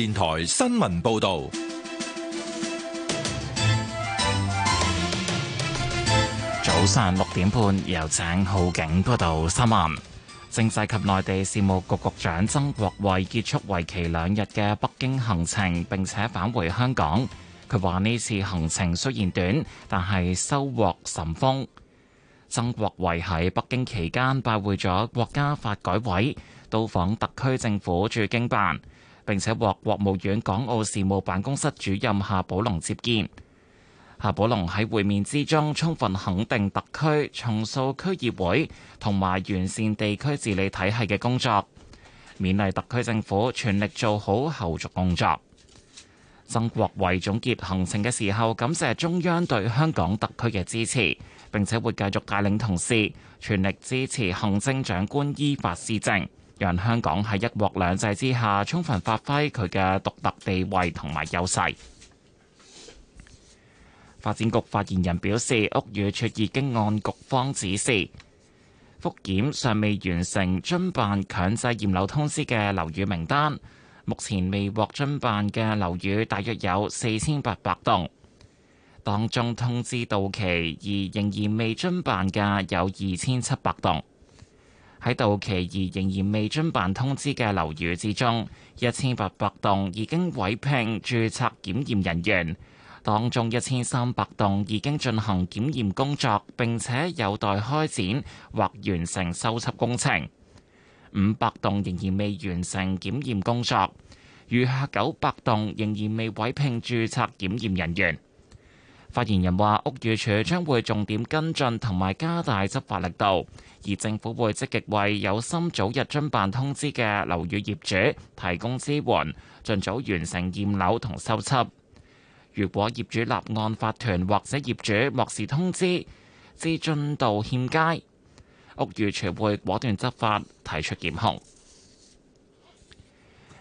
電台新聞報道，早上六點半，有請浩景報道新聞。政制及內地事務局局長曾國衛結束為期兩日嘅北京行程，並且返回香港。佢話呢次行程雖然短，但係收穫甚豐。曾國衛喺北京期間拜會咗國家發改委，到訪特區政府駐京辦。並且獲國務院港澳事務辦公室主任夏寶龍接見。夏寶龍喺會面之中充分肯定特區重塑區議會同埋完善地區治理體系嘅工作，勉勵特區政府全力做好後續工作。曾國衛總結行程嘅時候，感謝中央對香港特區嘅支持，並且會繼續帶領同事全力支持行政長官依法施政。讓香港喺一國兩制之下，充分發揮佢嘅獨特地位同埋優勢。發展局發言人表示，屋宇署已經按局方指示復檢尚未完成遵辦強制驗樓通知嘅樓宇名單。目前未獲遵辦嘅樓宇大約有四千八百棟，當中通知到期而仍然未遵辦嘅有二千七百棟。喺到期而仍然未遵辦通知嘅樓宇之中，一千八百棟已經委聘註冊檢驗人員，當中一千三百棟已經進行檢驗工作，並且有待開展或完成修葺工程，五百棟仍然未完成檢驗工作，餘下九百棟仍然未委聘註冊檢驗人員。發言人話，屋宇署將會重點跟進同埋加大執法力度，而政府會積極為有心早日遵辦通知嘅樓宇業主提供支援，盡早完成驗樓同修葺。如果業主立案法團或者業主漠視通知，致進度欠佳，屋宇署會果斷執法，提出檢控。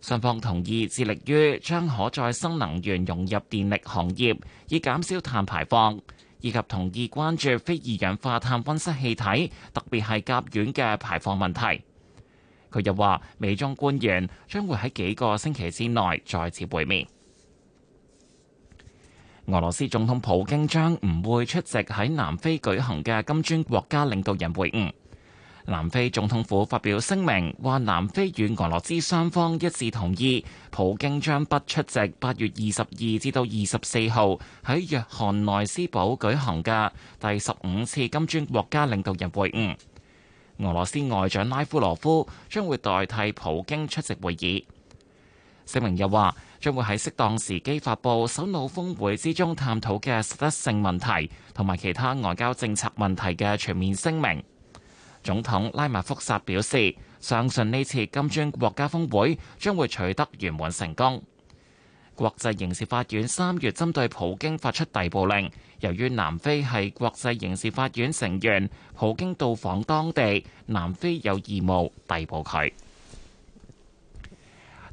雙方同意致力於將可再生能源融入電力行業，以減少碳排放，以及同意關注非二氧化碳温室氣體，特別係甲烷嘅排放問題。佢又話，美中官員將會喺幾個星期之內再次會面。俄羅斯總統普京將唔會出席喺南非舉行嘅金磚國家領導人會晤。南非總統府發表聲明，話南非與俄羅斯雙方一致同意，普京將不出席八月二十二至到二十四號喺約翰內斯堡舉行嘅第十五次金磚國家領導人會晤。俄羅斯外長拉夫羅夫將會代替普京出席會議。聲明又話，將會喺適當時機發佈首腦峰會之中探討嘅實質性問題同埋其他外交政策問題嘅全面聲明。總統拉馬福薩表示，相信呢次金磚國家峰會將會取得圓滿成功。國際刑事法院三月針對普京發出逮捕令，由於南非係國際刑事法院成員，普京到訪當地，南非有義務逮捕佢。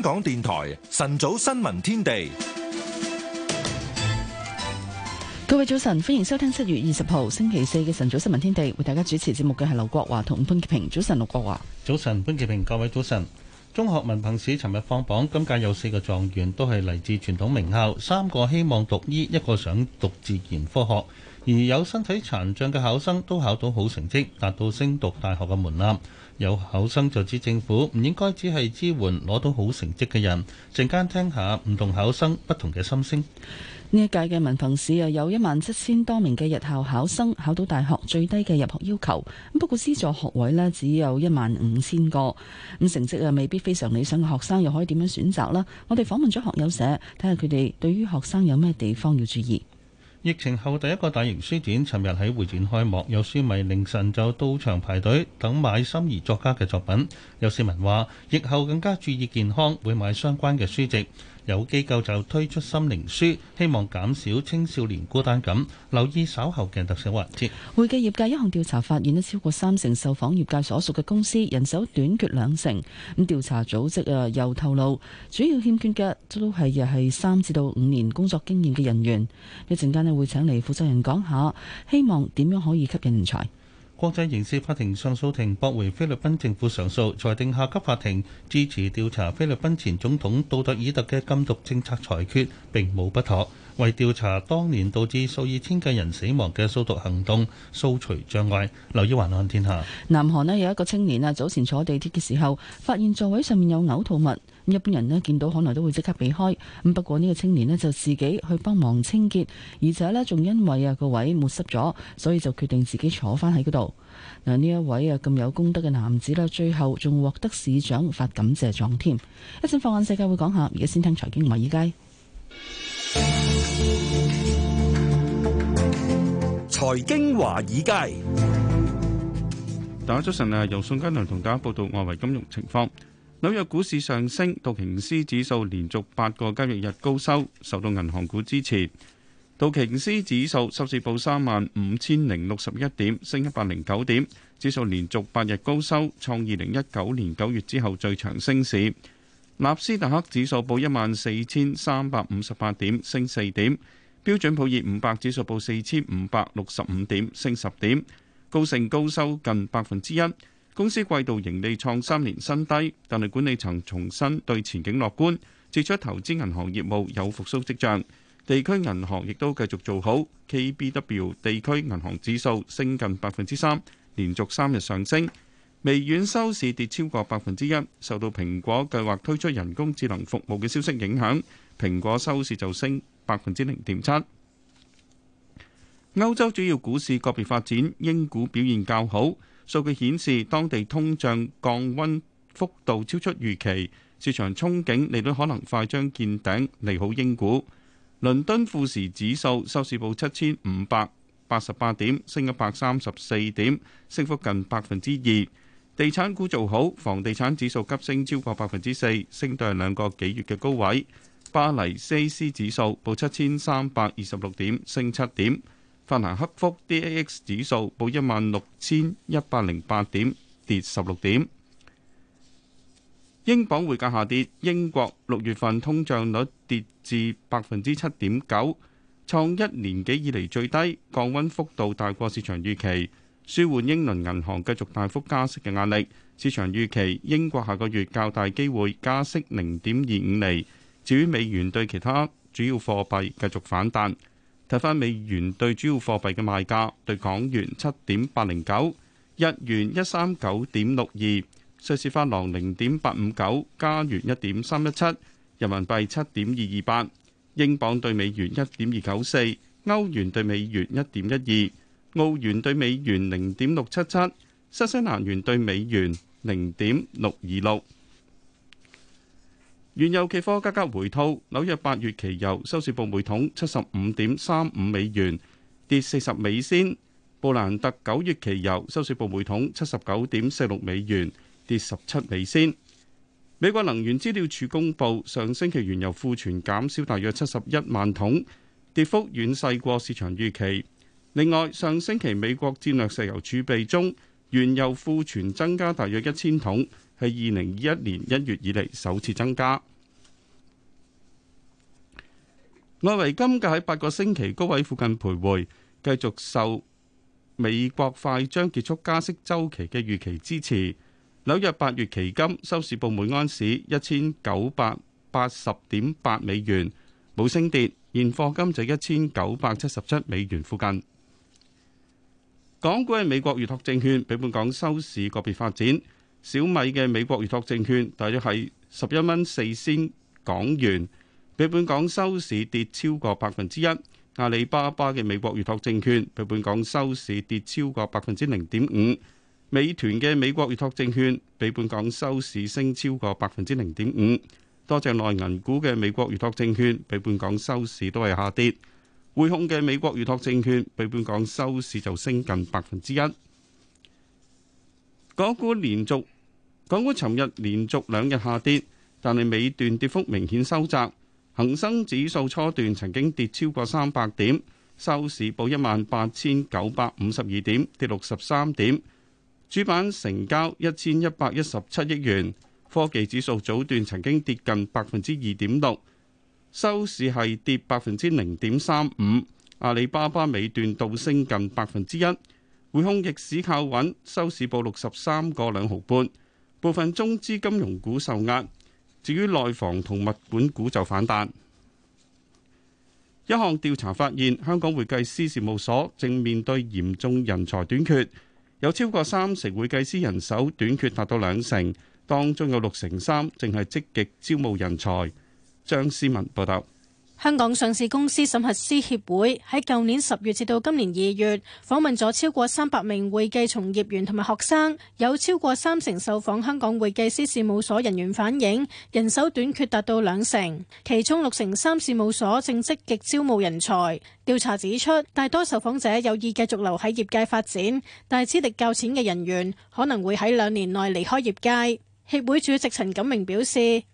香港電台晨早新聞天地，各位早晨，歡迎收聽七月二十號星期四嘅晨早新聞天地，為大家主持節目嘅係劉國華同潘潔平。早晨，劉國華，早晨，潘潔平，各位早晨。中學文憑試尋日放榜，今屆有四個狀元，都係嚟自傳統名校，三個希望讀醫，一個想讀自然科學，而有身體殘障嘅考生都考到好成績，達到升讀大學嘅門檻。有考生就知政府唔應該只係支援攞到好成績嘅人，陣間聽下唔同考生不同嘅心聲。呢一屆嘅文憑試啊，有一萬七千多名嘅日校考生考到大學最低嘅入學要求，不過資助學位咧只有一萬五千個，咁，成績啊未必非常理想嘅學生又可以點樣選擇啦？我哋訪問咗學友社，睇下佢哋對於學生有咩地方要注意。疫情後第一個大型書展，尋日喺會展開幕，有書迷凌晨就到場排隊等買心儀作家嘅作品。有市民話，疫後更加注意健康，會買相關嘅書籍。有機構就推出心靈書，希望減少青少年孤單感。留意稍後嘅特寫環節。會計業界一項調查發現，咧超過三成受訪業界所屬嘅公司人手短缺兩成。咁調查組織啊又透露，主要欠缺嘅都係又係三至到五年工作經驗嘅人員。一陣間咧會請嚟負責人講下，希望點樣可以吸引人才。國際刑事法庭上訴庭駁回菲律賓政府上訴，裁定下級法庭支持調查菲律賓前總統杜特爾特嘅禁毒政策裁決並冇不妥。為調查當年導致數以千計人死亡嘅掃毒行動，掃除障礙。留意《環看天下》，南韓咧有一個青年啊，早前坐地鐵嘅時候，發現座位上面有嘔吐物咁，一般人咧見到可能都會即刻避開咁。不過呢個青年咧就自己去幫忙清潔，而且咧仲因為啊個位沒濕咗，所以就決定自己坐翻喺嗰度嗱。呢一位啊咁有功德嘅男子咧，最後仲獲得市長發感謝狀添。一陣放眼世界會講下，而家先聽財經華爾街。財經華爾街，大家早晨啊！由宋嘉良同大家報道外圍金融情況。紐約股市上升，道瓊斯指數連續八個交易日，日高收，受到銀行股支持。道瓊斯指數收市報三萬五千零六十一點，升一百零九點，指數連續八日高收，創二零一九年九月之後最長升市。納斯達克指數報一萬四千三百五十八點，升四點；標準普爾五百指數報四千五百六十五點，升十點。高盛高收近百分之一，公司季度盈利創三年新低，但係管理層重新對前景樂觀，指出投資銀行業務有復蘇迹象。地區銀行亦都繼續做好，KBW 地區銀行指數升近百分之三，連續三日上升。微軟收市跌超過百分之一，受到蘋果計劃推出人工智能服務嘅消息影響。蘋果收市就升百分之零點七。歐洲主要股市個別發展，英股表現較好。數據顯示，當地通脹降溫幅度超出預期，市場憧憬利率可能快將見頂，利好英股。倫敦富時指數收市報七千五百八十八點，升一百三十四點，升幅近百分之二。地產股做好，房地產指數急升超過百分之四，升到兩個幾月嘅高位。巴黎 CAC 指數報七千三百二十六點，升七點。法蘭克福 DAX 指數報一萬六千一百零八點，跌十六點。英鎊匯價下跌，英國六月份通脹率跌至百分之七點九，創一年幾以嚟最低，降溫幅度大過市場預期。舒緩英倫銀行繼續大幅加息嘅壓力，市場預期英國下個月較大機會加息零點二五厘。至於美元對其他主要貨幣繼續反彈，睇返美元對主要貨幣嘅賣價，對港元七點八零九，日元一三九點六二，瑞士法郎零點八五九，加元一點三一七，人民幣七點二二八，英鎊對美元一點二九四，歐元對美元一點一二。澳元兌美元零點六七七，新西蘭元兌美元零點六二六。原油期貨價格回吐，紐約八月期油收市報每桶七十五點三五美元，跌四十美仙；布蘭特九月期油收市報每桶七十九點四六美元，跌十七美仙。美國能源資料處公布，上星期原油庫存減少大約七十一萬桶，跌幅遠細過市場預期。另外，上星期美國戰略石油儲備中原油庫存增加大約一千桶，係二零二一年一月以嚟首次增加。外圍金價喺八個星期高位附近徘徊，繼續受美國快將結束加息週期嘅預期支持。紐約八月期金收市報每安士一千九百八十點八美元，冇升跌。現貨金就一千九百七十七美元附近。港股嘅美國預託證券，比本港收市個別發展。小米嘅美國預託證券大約係十一蚊四仙港元，比本港收市跌超過百分之一。阿里巴巴嘅美國預託證券比本港收市跌超過百分之零點五。美團嘅美國預託證券比本港收市升超過百分之零點五。多隻內銀股嘅美國預託證券比本港收市都係下跌。匯控嘅美國預託證券，比本港收市就升近百分之一。港股連續，港股尋日連續兩日下跌，但係尾段跌幅明顯收窄。恒生指數初段曾經跌超過三百點，收市報一萬八千九百五十二點，跌六十三點。主板成交一千一百一十七億元。科技指數早段曾經跌近百分之二點六。收市係跌百分之零點三五，阿里巴巴尾段倒升近百分之一，匯控逆市靠穩，收市報六十三個兩毫半。部分中資金融股受壓，至於內房同物管股就反彈。一項調查發現，香港會計師事務所正面對嚴重人才短缺，有超過三成會計師人手短缺達到兩成，當中有六成三正係積極招募人才。張思文報道，香港上市公司審核師協會喺舊年十月至到今年二月，訪問咗超過三百名會計從業員同埋學生，有超過三成受訪香港會計師事務所人員反映人手短缺達到兩成，其中六成三事務所正積極招募人才。調查指出，大多受訪者有意繼續留喺業界發展，但資歷較淺嘅人員可能會喺兩年內離開業界。協會主席陳錦明表示，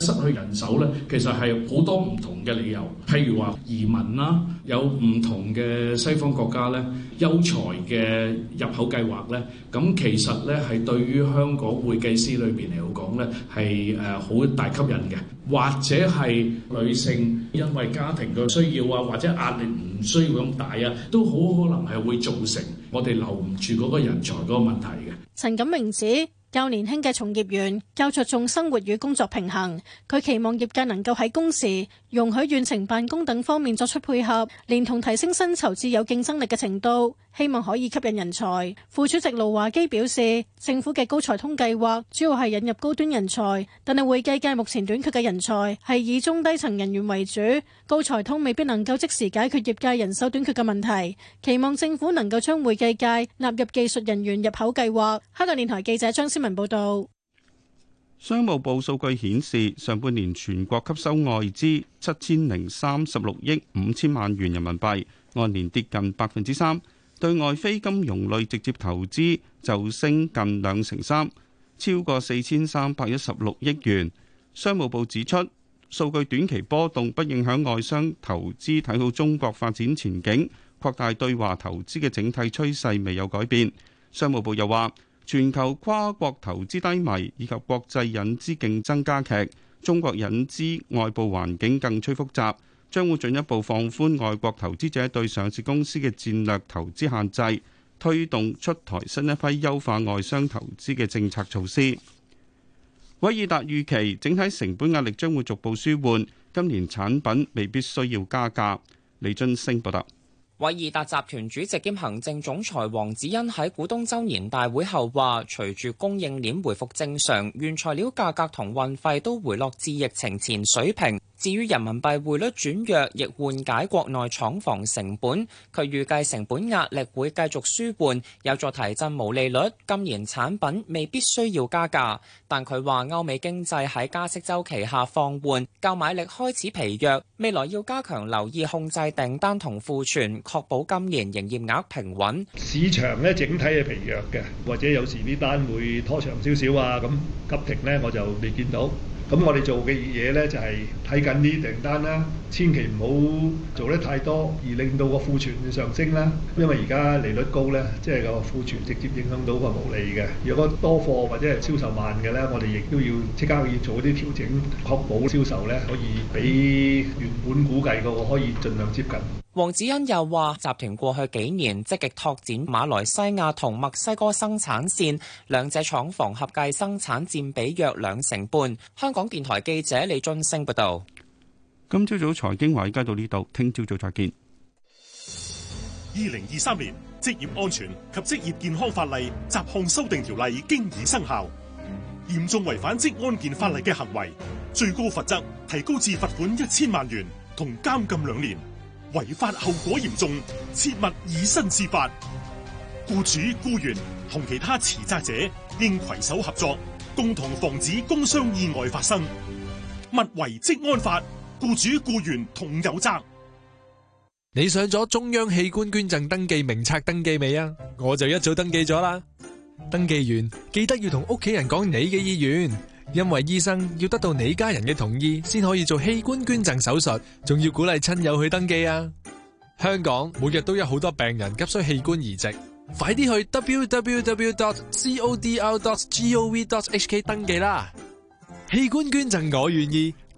失去人手呢，其實係好多唔同嘅理由，譬如話移民啦，有唔同嘅西方國家呢，優才嘅入口計劃呢。咁其實呢，係對於香港會計師裏面嚟講呢，係誒好大吸引嘅，或者係女性因為家庭嘅需要啊，或者壓力唔需要咁大啊，都好可能係會造成我哋留唔住嗰個人才嗰個問題嘅。陳錦明指。較年輕嘅從業員較着重生活與工作平衡，佢期望業界能夠喺工時容許遠程辦公等方面作出配合，連同提升薪酬至有競爭力嘅程度。希望可以吸引人才。副主席盧華基表示，政府嘅高才通計劃主要係引入高端人才，但係會計界目前短缺嘅人才係以中低層人員為主，高才通未必能夠即時解決業界人手短缺嘅問題。期望政府能夠將會計界納入技術人員入口計劃。香港電台記者張思文報道。商務部數據顯示，上半年全國吸收外資七千零三十六億五千萬元人民幣，按年跌近百分之三。對外非金融類直接投資就升近兩成三，超過四千三百一十六億元。商務部指出，數據短期波動不影響外商投資睇好中國發展前景，擴大對華投資嘅整體趨勢未有改變。商務部又話，全球跨國投資低迷以及國際引資競爭加劇，中國引資外部環境更趨複雜。將會進一步放寬外國投資者對上市公司嘅戰略投資限制，推動出台新一批優化外商投資嘅政策措施。偉爾達預期整體成本壓力將會逐步舒緩，今年產品未必需要加價。李津星報道。偉爾達集團主席兼行政總裁黃子欣喺股東周年大會後話，隨住供應鏈回復正常，原材料價格同運費都回落至疫情前水平。至於人民幣匯率轉弱，亦緩解國內廠房成本。佢預計成本壓力會繼續舒緩，有助提振毛利率。今年產品未必需要加價，但佢話歐美經濟喺加息周期下放緩，購買力開始疲弱。未來要加強留意控制訂單同庫存，確保今年營業額平穩。市場呢，整體係疲弱嘅，或者有時啲單會拖長少少啊，咁急停呢，我就未見到。咁我哋做嘅嘢咧，就係睇緊啲訂單啦。千祈唔好做得太多，而令到個庫存上升啦。因為而家利率高咧，即係個庫存直接影響到個毛利嘅。如果多貨或者係銷售慢嘅咧，我哋亦都要即刻要做啲調整，確保銷售咧可以比原本估計個可以盡量接近。黃子欣又話集團過去幾年積極拓展馬來西亞同墨西哥生產線，兩者廠房合計生產占比約兩成半。香港電台記者李俊升報道。今朝早財經話街到呢度，聽朝早再見。二零二三年職業安全及職業健康法例雜項修訂條例經已生效，嚴重違反職安健法例嘅行為，最高罰則提高至罰款一千萬元同監禁兩年。違法後果嚴重，切勿以身試法。雇主、雇員同其他持責者應携手合作，共同防止工傷意外發生。勿違職安法。僱主僱員同有爭。你上咗中央器官捐贈登記名冊登記未啊？我就一早登記咗啦。登記完記得要同屋企人講你嘅意願，因為醫生要得到你家人嘅同意先可以做器官捐贈手術，仲要鼓勵親友去登記啊！香港每日都有好多病人急需器官移植，快啲去 www.codr.gov.hk 登記啦！器官捐贈，我願意。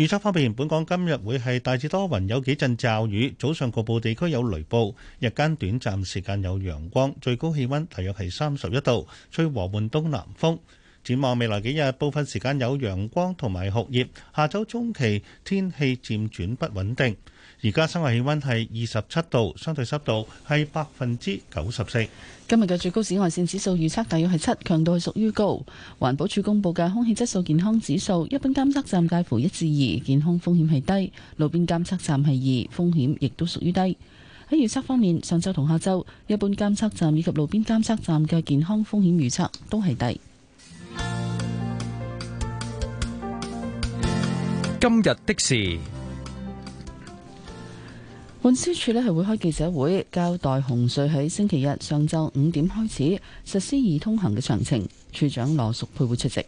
預測方面，本港今日會係大致多雲，有幾陣驟雨，早上局部地區有雷暴，日間短暫時間有陽光，最高氣溫大約係三十一度，吹和緩東南風。展望未來幾日，部分時間有陽光同埋酷熱，下晝中期天氣漸轉不穩定。而家室外氣溫係二十七度，相對濕度係百分之九十四。今日嘅最高紫外線指數預測大約係七，強度係屬於高。環保署公布嘅空氣質素健康指數，一般監測站介乎一至二，健康風險係低；路邊監測站係二，風險亦都屬於低。喺預測方面，上周同下周，一般監測站以及路邊監測站嘅健康風險預測都係低。今日的事。運輸署呢係會開記者會交代紅隧喺星期日上晝五點開始實施易通行嘅詳情。處長羅淑佩會出席。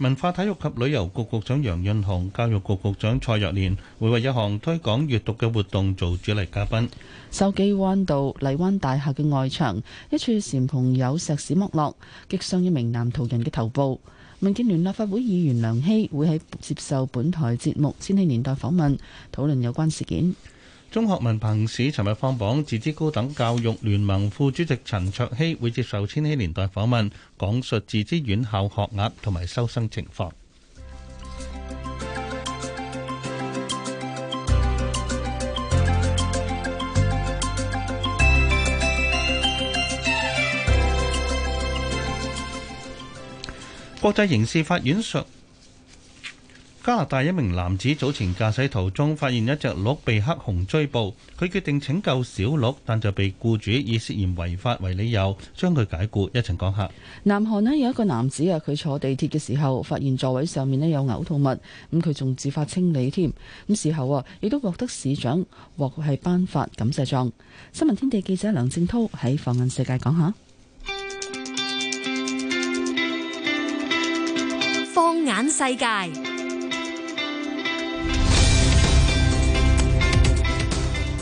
文化體育及旅遊局局局長楊潤雄、教育局局長蔡若蓮會為一項推廣閱讀嘅活動做主禮嘉賓。筲箕灣道麗灣大廈嘅外牆一處簷篷有石屎剝落，擊傷一名男途人嘅頭部。民建聯立法會議員梁熙會喺接受本台節目《千禧年代》訪問，討論有關事件。中學文憑試尋日放榜，自資高等教育聯盟副主席陳卓熙會接受千禧年代訪問，講述自資院校學額同埋收生情況。國際刑事法院說。加拿大一名男子早前駕駛途中發現一隻鹿被黑熊追捕，佢決定拯救小鹿，但就被僱主以涉嫌違法為理由將佢解雇。一陣講下，南韓呢有一個男子啊，佢坐地鐵嘅時候發現座位上面呢有嘔吐物，咁佢仲自發清理添，咁事後啊亦都獲得市長獲係頒發感謝狀。新聞天地記者梁正濤喺放眼世界講下，放眼世界。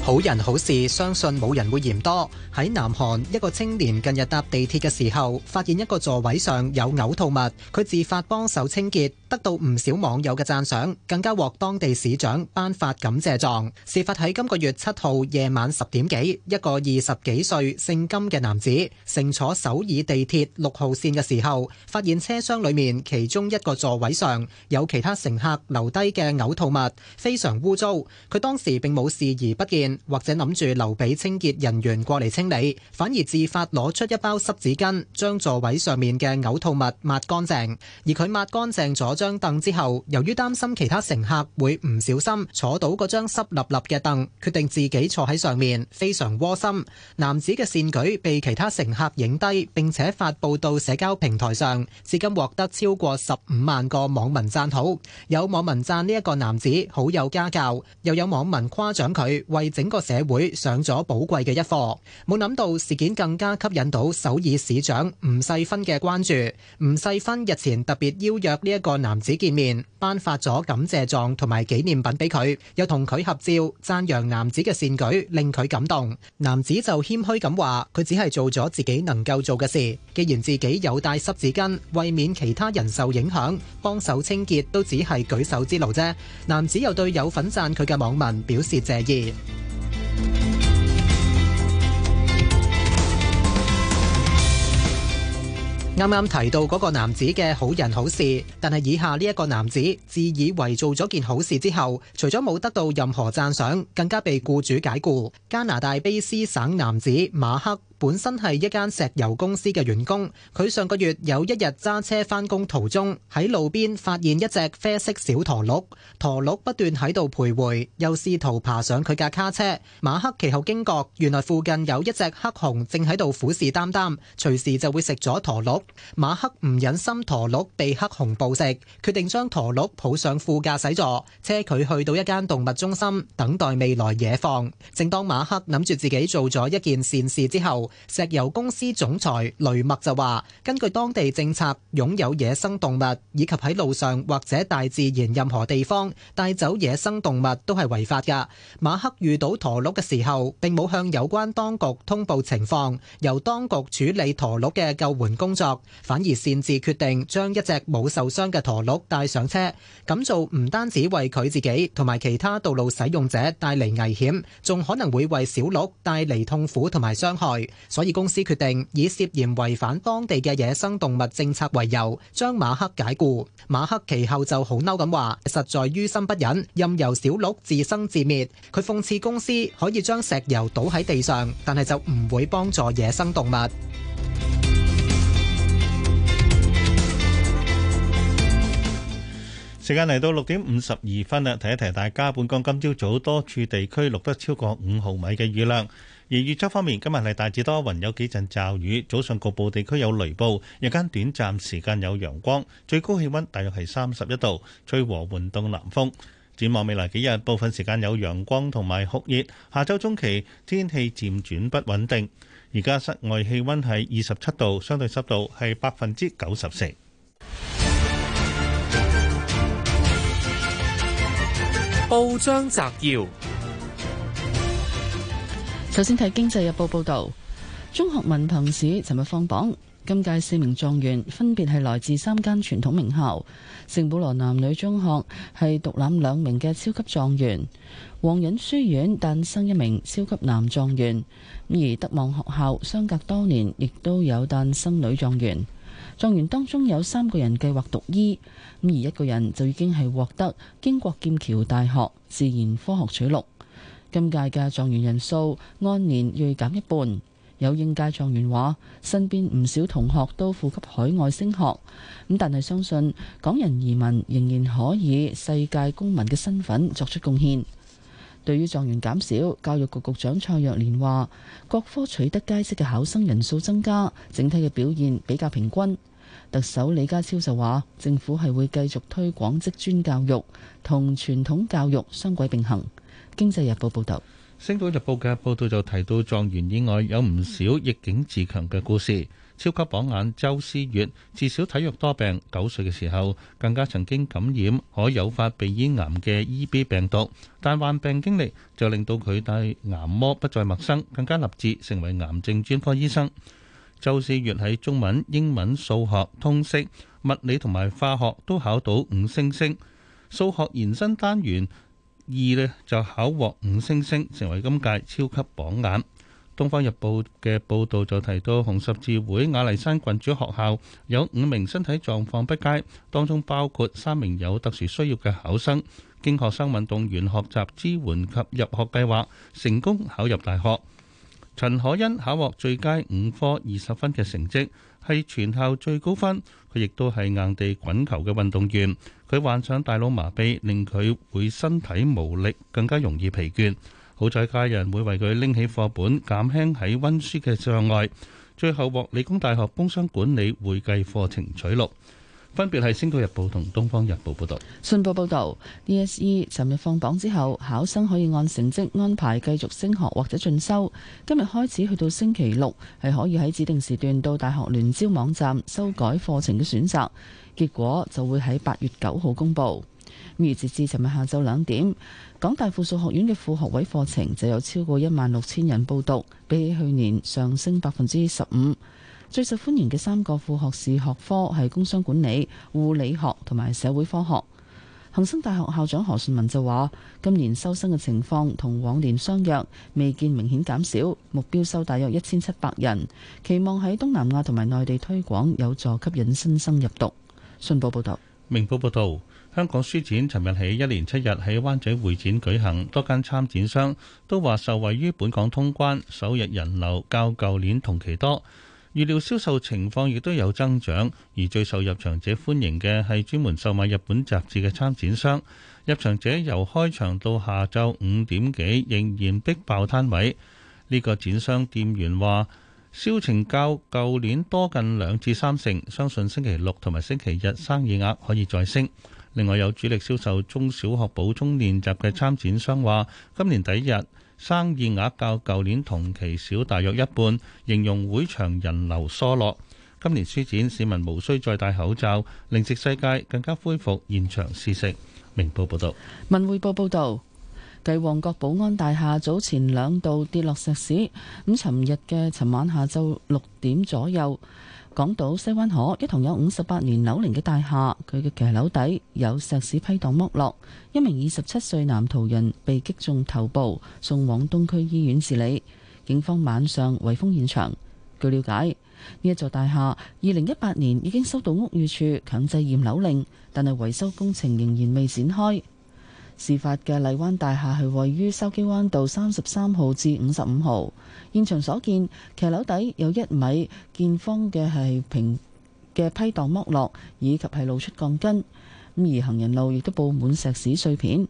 好人好事，相信冇人會嫌多。喺南韓，一個青年近日搭地鐵嘅時候，發現一個座位上有嘔吐物，佢自發幫手清潔，得到唔少網友嘅讚賞，更加獲當地市長頒發感謝狀。事發喺今個月七號夜晚十點幾，一個二十幾歲姓金嘅男子乘坐首爾地鐵六號線嘅時候，發現車廂裏面其中一個座位上有其他乘客留低嘅嘔吐物，非常污糟。佢當時並冇視而不見。或者諗住留俾清潔人員過嚟清理，反而自發攞出一包濕紙巾，將座位上面嘅嘔吐物抹乾淨。而佢抹乾淨咗張凳之後，由於擔心其他乘客會唔小心坐到嗰張濕笠笠嘅凳，決定自己坐喺上面，非常窩心。男子嘅善舉被其他乘客影低，並且發布到社交平台上，至今獲得超過十五萬個網民讚好。有網民讚呢一個男子好有家教，又有網民誇獎佢為整。個社會上咗寶貴嘅一課，冇諗到事件更加吸引到首爾市長吳世勳嘅關注。吳世勳日前特別邀約呢一個男子見面，頒發咗感謝狀同埋紀念品俾佢，又同佢合照，讚揚男子嘅善舉令佢感動。男子就謙虛咁話：佢只係做咗自己能夠做嘅事，既然自己有帶濕紙巾，為免其他人受影響，幫手清潔都只係舉手之勞啫。男子又對有份讚佢嘅網民表示謝意。啱啱提到嗰個男子嘅好人好事，但係以下呢一個男子自以為做咗件好事之後，除咗冇得到任何讚賞，更加被僱主解僱。加拿大卑斯省男子馬克。本身係一間石油公司嘅員工，佢上個月有一日揸車返工途中，喺路邊發現一隻啡色小駝鹿，駝鹿不斷喺度徘徊，又試圖爬上佢架卡車，馬克其後驚覺原來附近有一隻黑熊正喺度虎視眈眈，隨時就會食咗駝鹿。馬克唔忍心駝鹿被黑熊捕食，決定將駝鹿抱上副駕駛座，車佢去到一間動物中心，等待未來野放。正當馬克諗住自己做咗一件善事之後。石油公司總裁雷默就話，根據當地政策，擁有野生動物以及喺路上或者大自然任何地方帶走野生動物都係違法噶。馬克遇到駝鹿嘅時候，並冇向有關當局通報情況，由當局處理駝鹿嘅救援工作，反而擅自決定將一隻冇受傷嘅駝鹿帶上車，咁做唔單止為佢自己同埋其他道路使用者帶嚟危險，仲可能會為小鹿帶嚟痛苦同埋傷害。所以公司決定以涉嫌違反當地嘅野生動物政策為由，將馬克解雇。馬克其後就好嬲咁話，實在於心不忍，任由小鹿自生自滅。佢諷刺公司可以將石油倒喺地上，但係就唔會幫助野生動物。時間嚟到六點五十二分啦，提一提大家，本港今朝早多處地區錄得超過五毫米嘅雨量。而預測方面，今日係大致多雲，有幾陣驟雨，早上局部地區有雷暴，日間短暫時間有陽光，最高氣温大約係三十一度，吹和緩東南風。展望未來幾日，部分時間有陽光同埋酷熱。下週中期天氣漸轉不穩定。而家室外氣温係二十七度，相對濕度係百分之九十四。報章摘要。首先睇《經濟日報》報道，中學文憑試尋日放榜，今屆四名狀元分別係來自三間傳統名校，聖保羅男女中學係獨攬兩名嘅超級狀元，皇仁書院誕生一名超級男狀元，而德望學校相隔多年亦都有誕生女狀元。狀元當中有三個人計劃讀醫，咁而一個人就已經係獲得英國劍橋大學自然科學取錄。今屆嘅狀元人數按年銳減一半，有應屆狀元話：身邊唔少同學都負笈海外升學，咁但係相信港人移民仍然可以世界公民嘅身份作出貢獻。對於狀元減少，教育局局長蔡若蓮話：各科取得佳績嘅考生人數增加，整體嘅表現比較平均。特首李家超就話：政府係會繼續推廣職專教育同傳統教育雙軌並行。經濟日報報道，《星島日報》嘅報道就提到，狀元以外有唔少逆境自強嘅故事。超級榜眼周思月自小體弱多病，九歲嘅時候更加曾經感染可誘發鼻咽癌嘅 EB 病毒，但患病經歷就令到佢對癌魔不再陌生，更加立志成為癌症專科醫生。周思月喺中文、英文、數學、通識、物理同埋化學都考到五星星，數學延伸單元。二呢，就考獲五星星，成為今屆超級榜眼。東方日報嘅報道就提到，紅十字會雅麗珊郡主學校有五名身體狀況不佳，當中包括三名有特殊需要嘅考生，經學生運動員學習支援及入學計劃，成功考入大學。陳可欣考獲最佳五科二十分嘅成績。係全校最高分，佢亦都係硬地滾球嘅運動員。佢患上大腦麻痹，令佢會身體無力，更加容易疲倦。好在家人會為佢拎起課本，減輕喺温書嘅障礙。最後獲理工大學工商管理會計課程取錄。分別係《星島日報》同《東方日報》報道。信報報導，DSE 尋日放榜之後，考生可以按成績安排繼續升學或者進修。今日開始去到星期六，係可以喺指定時段到大學聯招網站修改課程嘅選擇，結果就會喺八月九號公佈。而截至尋日下晝兩點，港大附屬學院嘅副學位課程就有超過一萬六千人報讀，比起去年上升百分之十五。最受歡迎嘅三個副學士學科係工商管理、護理學同埋社會科學。恒生大學校長何順文就話：今年收生嘅情況同往年相若，未見明顯減少。目標收大約一千七百人，期望喺東南亞同埋內地推廣，有助吸引新生入讀。信報報道：「明報報道，香港書展尋日起一連七日喺灣仔會展舉行，多間參展商都話受惠於本港通關，首日人流較舊年同期多。預料銷售情況亦都有增長，而最受入場者歡迎嘅係專門售賣日本雜誌嘅參展商。入場者由開場到下晝五點幾，仍然逼爆攤位。呢個展商店員話，銷情較舊年多近兩至三成，相信星期六同埋星期日生意額可以再升。另外有主力銷售中小學補充練習嘅參展商話，今年第一日。生意額較舊年同期少大約一半，形容會場人流疏落。今年書展市民無需再戴口罩，零食世界更加恢復現場試食。明報報道。文匯報報道：繼旺角保安大廈早前兩度跌落石屎，咁尋日嘅尋晚下晝六點左右。港島西灣河一幢有五十八年樓齡嘅大廈，佢嘅騎樓底有石屎批盪剝落，一名二十七歲男途人被擊中頭部，送往東區醫院治理。警方晚上圍封現場。據了解，呢一座大廈二零一八年已經收到屋宇署強制驗樓令，但係維修工程仍然未展開。事發嘅荔灣大廈係位於筲箕灣道三十三號至五十五號，現場所見騎樓底有一米見方嘅係平嘅批盪剝落，以及係露出鋼筋。咁而行人路亦都佈滿石屎碎片。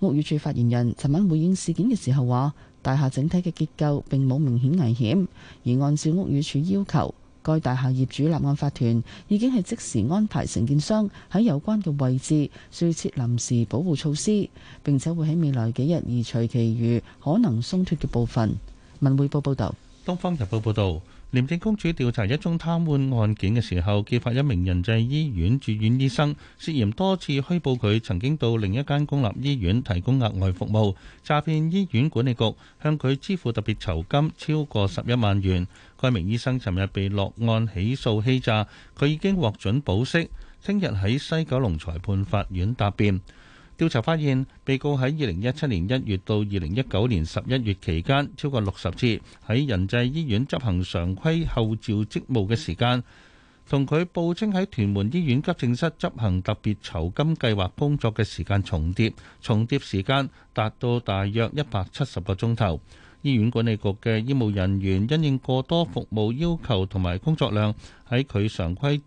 屋宇署發言人尋晚回應事件嘅時候話：大廈整體嘅結構並冇明顯危險，而按照屋宇署要求。該大廈業主立案法團已經係即時安排承建商喺有關嘅位置豎設臨時保護措施，並且會喺未來幾日移除其餘可能鬆脱嘅部分。文匯報報道。《東方日報》報道，廉政公署調查一宗貪污案件嘅時候，揭發一名仁濟醫院住院醫生涉嫌多次虛報佢曾經到另一間公立醫院提供額外服務，詐騙醫院管理局向佢支付特別酬金超過十一萬元。該名醫生尋日被落案起訴欺詐，佢已經獲准保釋，聽日喺西九龍裁判法院答辯。調查發現，被告喺二零一七年一月到二零一九年十一月期間，超過六十次喺仁濟醫院執行常規候召職務嘅時間，同佢報稱喺屯門醫院急症室執行特別酬金計劃工作嘅時間重疊，重疊時間達到大約一百七十個鐘頭。醫院管理局嘅醫務人員因應過多服務要求同埋工作量，喺佢常規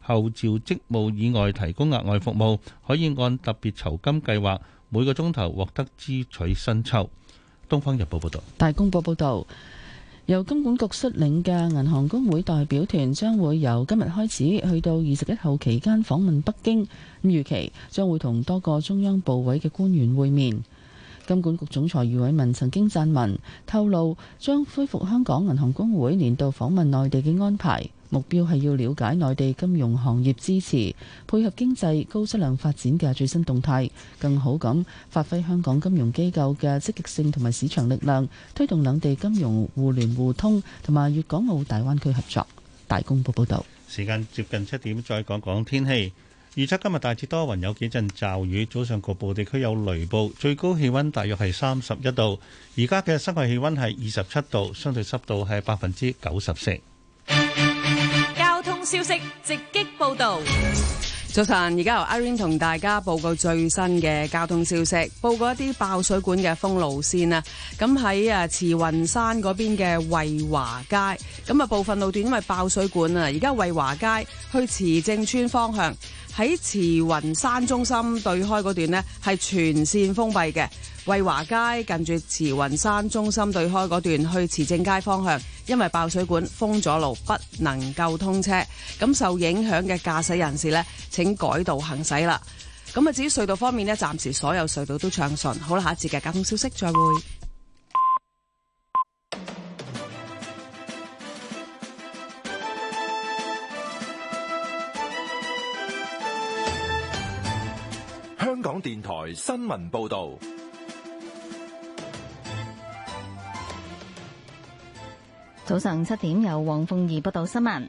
候召職務以外提供額外服務，可以按特別酬金計劃每個鐘頭獲得支取薪酬。《東方日報》報道，《大公報》報道，由金管局率領嘅銀行公會代表團將會由今日開始去到二十一號期間訪問北京，咁預期將會同多個中央部委嘅官員會面。金管局總裁余偉文曾經撰文透露，將恢復香港銀行公會年度訪問內地嘅安排，目標係要了解內地金融行業支持配合經濟高質量發展嘅最新動態，更好咁發揮香港金融機構嘅積極性同埋市場力量，推動兩地金融互聯互通同埋粵港澳大灣區合作。大公報報道，時間接近七點，再講講天氣。預測今日大致多雲，有幾陣驟雨。早上局部地區有雷暴，最高氣温大約係三十一度。而家嘅室外氣温係二十七度，相對濕度係百分之九十四。交通消息直擊報導。早晨，而家由 Irene 同大家報告最新嘅交通消息，報告一啲爆水管嘅封路線啊。咁喺啊慈雲山嗰邊嘅惠華街，咁啊部分路段因為爆水管啊，而家惠華街去慈正村方向，喺慈雲山中心對開嗰段呢，係全線封閉嘅。惠華街近住慈雲山中心對開嗰段去慈正街方向，因為爆水管封咗路，不能夠通車。咁受影響嘅駕駛人士呢，請改道行駛啦。咁啊，至於隧道方面呢，暫時所有隧道都暢順。好啦，下一節嘅交通消息再會。香港電台新聞報道，早上七點由黃鳳儀報道新聞。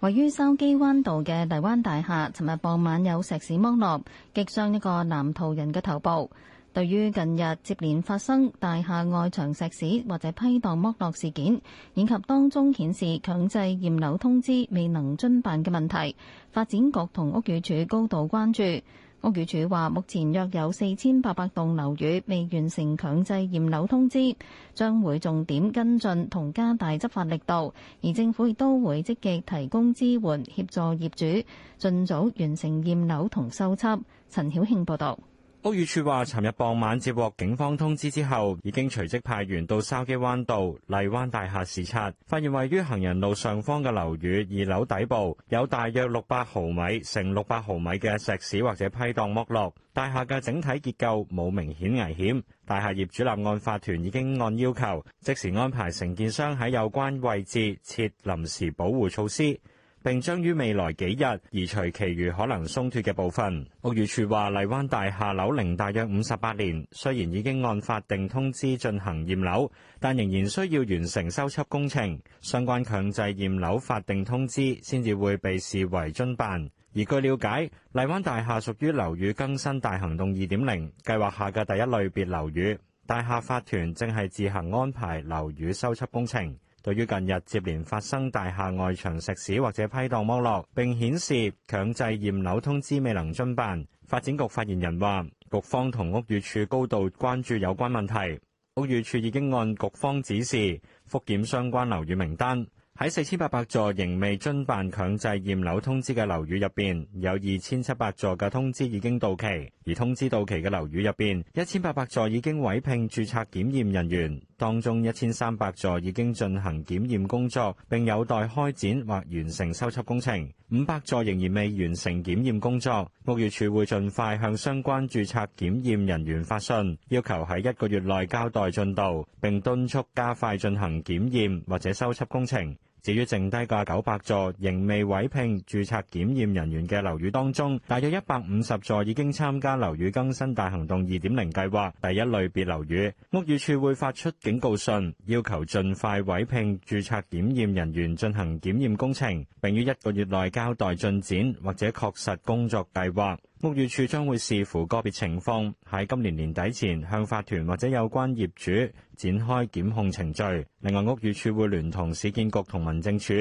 位於筲箕灣道嘅荔灣大廈，尋日傍晚有石屎剝落，擊傷一個男途人嘅頭部。對於近日接連發生大廈外牆石屎或者批盪剝落事件，以及當中顯示強制驗樓通知未能遵辦嘅問題，發展局同屋宇署高度關注。屋宇署話，目前約有四千八百棟樓宇未完成強制驗樓通知，將會重點跟進同加大執法力度，而政府亦都會積極提供支援協助業主，盡早完成驗樓同收葺。陳曉慶報道。屋宇署話，尋日傍晚接獲警方通知之後，已經隨即派員到筲箕灣道麗灣大廈視察，發現位於行人路上方嘅樓宇二樓底部有大約六百毫米乘六百毫米嘅石屎或者批檔剝落，大廈嘅整體結構冇明顯危險。大廈業主立案法團已經按要求即時安排承建商喺有關位置設臨時保護措施。並將於未來幾日移除其餘可能鬆脱嘅部分。屋宇署話：荔灣大廈樓齡大約五十八年，雖然已經按法定通知進行驗樓，但仍然需要完成修葺工程，相關強制驗樓法定通知先至會被視為遵辦。而據了解，荔灣大廈屬於樓宇更新大行動二點零計劃下嘅第一類別樓宇，大廈法團正係自行安排樓宇修葺工程。對於近日接連發生大廈外牆石屎或者批盪剝落，並顯示強制驗樓通知未能遵辦，發展局發言人話：局方同屋宇署高度關注有關問題。屋宇署已經按局方指示復檢相關樓宇名單。喺四千八百座仍未遵辦強制驗樓通知嘅樓宇入邊，有二千七百座嘅通知已經到期，而通知到期嘅樓宇入邊，一千八百座已經委聘註冊檢驗人員。當中一千三百座已經進行檢驗工作，並有待開展或完成修葺工程，五百座仍然未完成檢驗工作。物業處會盡快向相關註冊檢驗人員發信，要求喺一個月內交代進度，並敦促加快進行檢驗或者修葺工程。至於剩低嘅九百座仍未委聘註冊檢驗人員嘅樓宇當中，大約一百五十座已經參加樓宇更新大行動二點零計劃第一類別樓宇，屋宇署會發出警告信，要求盡快委聘註冊檢驗人員進行檢驗工程，並於一個月內交代進展或者確實工作計劃。屋宇署將會視乎個別情況，喺今年年底前向法團或者有關業主展開檢控程序。另外，屋宇署會聯同市建局同民政署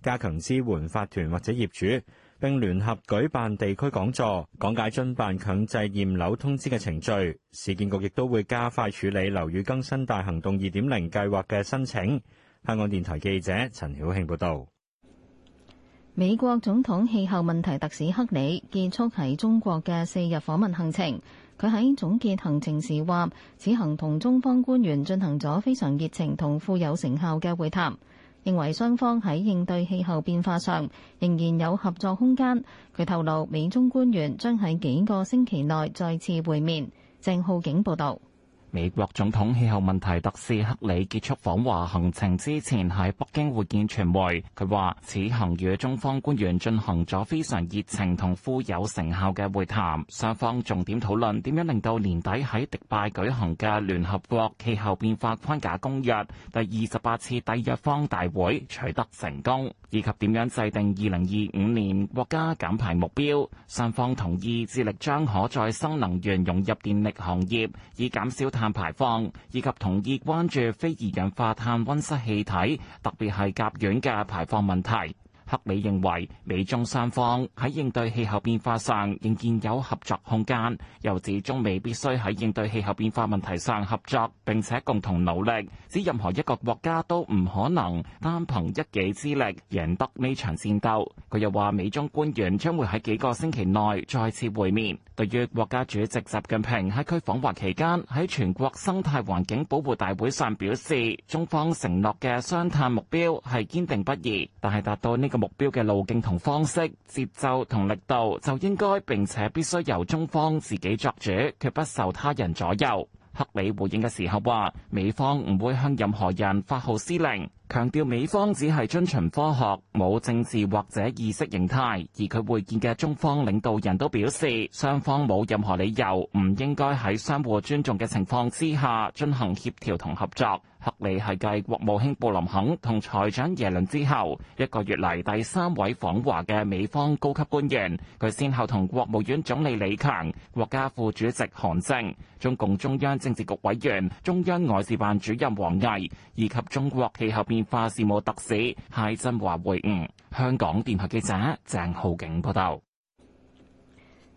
加強支援法團或者業主，並聯合舉辦地區講座，講解津辦強制驗樓通知嘅程序。市建局亦都會加快處理樓宇更新大行動二點零計劃嘅申請。香港電台記者陳曉慶報道。美國總統氣候問題特使克里結束喺中國嘅四日訪問行程。佢喺總結行程時話，此行同中方官員進行咗非常熱情同富有成效嘅會談，認為雙方喺應對氣候變化上仍然有合作空間。佢透露，美中官員將喺幾個星期內再次會面。鄭浩景報道。美國總統氣候問題特使克里結束訪華行程之前，喺北京會見傳媒。佢話此行與中方官員進行咗非常熱情同富有成效嘅會談，雙方重點討論點樣令到年底喺迪拜舉行嘅聯合國氣候變化框架公約第二十八次締約方大會取得成功，以及點樣制定二零二五年國家減排目標。雙方同意致力將可再生能源融入電力行業，以減少碳排放，以及同意關注非二氧化碳溫室氣體，特別係甲烷嘅排放問題。克里認為美中雙方喺應對氣候變化上仍然有合作空間，又指中美必須喺應對氣候變化問題上合作並且共同努力，指任何一個國家都唔可能單憑一己之力贏得呢場戰鬥。佢又話，美中官員將會喺幾個星期內再次會面。對於國家主席習近平喺區訪華期間喺全國生態環境保護大會上表示，中方承諾嘅雙碳目標係堅定不移，但係達到呢個目標嘅路徑同方式，節奏同力度就應該並且必須由中方自己作主，決不受他人左右。克里回應嘅時候話：美方唔會向任何人發號施令。強調美方只係遵循科學，冇政治或者意識形態。而佢會見嘅中方領導人都表示，雙方冇任何理由唔應該喺相互尊重嘅情況之下進行協調同合作。克里係繼國務卿布林肯同財長耶倫之後，一個月嚟第三位訪華嘅美方高級官員。佢先後同國務院總理李強、國家副主席韓正、中共中央政治局委員、中央外事辦主任王毅，以及中國氣候。化事務特使蔡振華會晤。香港電台記者鄭浩景報道。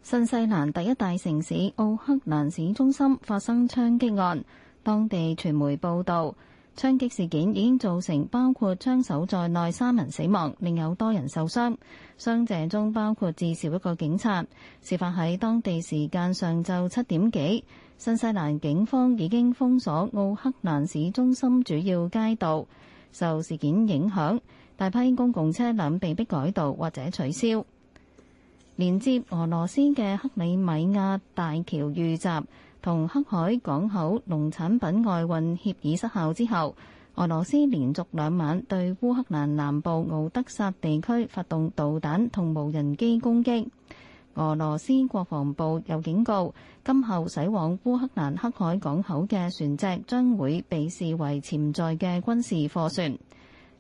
新西蘭第一大城市奧克蘭市中心發生槍擊案，當地傳媒報道，槍擊事件已經造成包括槍手在內三人死亡，另有多人受傷，傷者中包括至少一個警察。事發喺當地時間上晝七點幾，新西蘭警方已經封鎖奧克蘭市中心主要街道。受事件影響，大批公共車輛被迫改道或者取消。連接俄羅斯嘅克里米亞大橋遇襲，同黑海港口農產品外運協議失效之後，俄羅斯連續兩晚對烏克蘭南部敖德薩地區發動導彈同無人機攻擊。俄羅斯國防部又警告，今後駛往烏克蘭黑海港口嘅船隻將會被視為潛在嘅軍事貨船。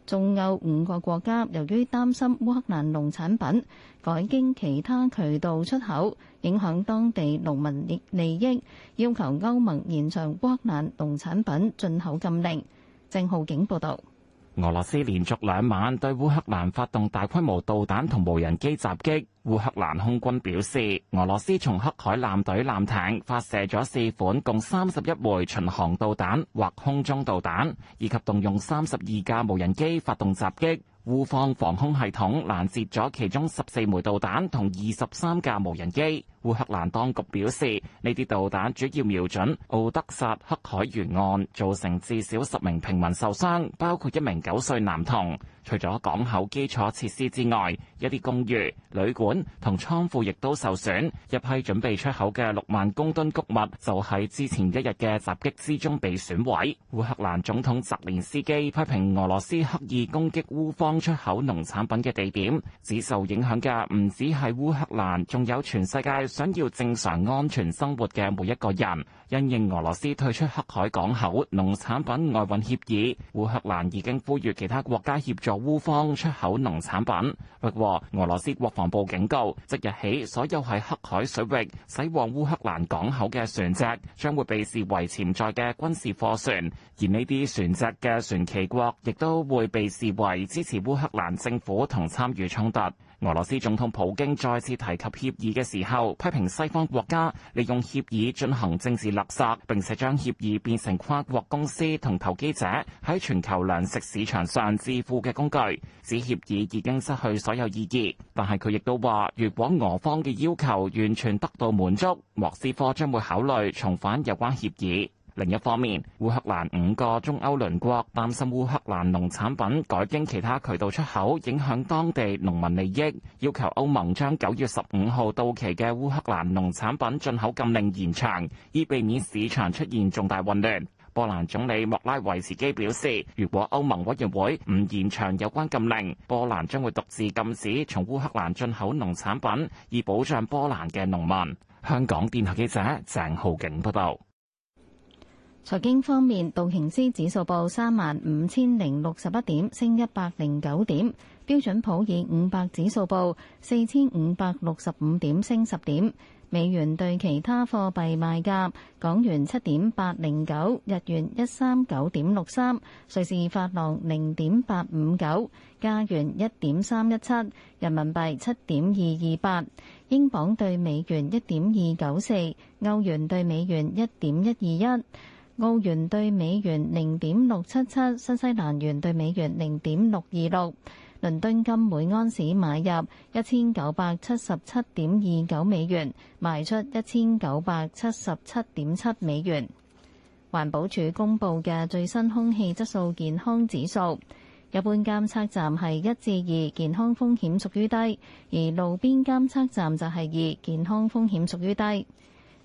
中歐五個國家由於擔心烏克蘭農產品改經其他渠道出口，影響當地農民利益，要求歐盟延長烏克蘭農產品進口禁令。鄭浩景報道。俄羅斯連續兩晚對烏克蘭發動大規模導彈同無人機襲擊。烏克蘭空軍表示，俄羅斯從黑海艦隊艦艇發射咗四款共三十一枚巡航導彈或空中導彈，以及動用三十二架無人機發動襲擊。烏方防空系統攔截咗其中十四枚導彈同二十三架無人機。烏克蘭當局表示，呢啲導彈主要瞄準奧德薩黑海沿岸，造成至少十名平民受傷，包括一名九歲男童。除咗港口基礎設施之外，一啲公寓、旅館同倉庫亦都受損，一批準備出口嘅六萬公噸穀物就喺之前一日嘅襲擊之中被損毀。烏克蘭總統澤連斯基批評俄羅斯刻意攻擊烏方出口農產品嘅地點，只受影響嘅唔止係烏克蘭，仲有全世界。想要正常安全生活嘅每一個人，因應俄羅斯退出黑海港口農產品外運協議，烏克蘭已經呼籲其他國家協助烏方出口農產品。不過俄羅斯國防部警告，即日起所有喺黑海水域駛往烏克蘭港口嘅船隻將會被視為潛在嘅軍事貨船，而呢啲船隻嘅船旗國亦都會被視為支持烏克蘭政府同參與衝突。俄羅斯總統普京再次提及協議嘅時候，批評西方國家利用協議進行政治勒索，並且將協議變成跨國公司同投機者喺全球糧食市場上致富嘅工具，指協議已經失去所有意義。但係佢亦都話，如果俄方嘅要求完全得到滿足，莫斯科將會考慮重返有關協議。另一方面，烏克蘭五個中歐鄰國擔心烏克蘭農產品改經其他渠道出口，影響當地農民利益，要求歐盟將九月十五號到期嘅烏克蘭農產品進口禁令延長，以避免市場出現重大混亂。波蘭總理莫拉維茨基表示，如果歐盟委員會唔延長有關禁令，波蘭將會獨自禁止從烏克蘭進口農產品，以保障波蘭嘅農民。香港電台記者鄭浩景報道。財經方面，道瓊斯指數報三萬五千零六十一點，升一百零九點；標準普爾五百指數報四千五百六十五點，升十點。美元對其他貨幣賣價：港元七點八零九，日元一三九點六三，瑞士法郎零點八五九，加元一點三一七，人民幣七點二二八，英鎊對美元一點二九四，歐元對美元一點一二一。澳元兌美元零點六七七，新西蘭元兌美元零點六二六，倫敦金每安士買入一千九百七十七點二九美元，賣出一千九百七十七點七美元。環保署公布嘅最新空氣質素健康指數，一般監測站係一至二，健康風險屬於低；而路邊監測站就係二，健康風險屬於低。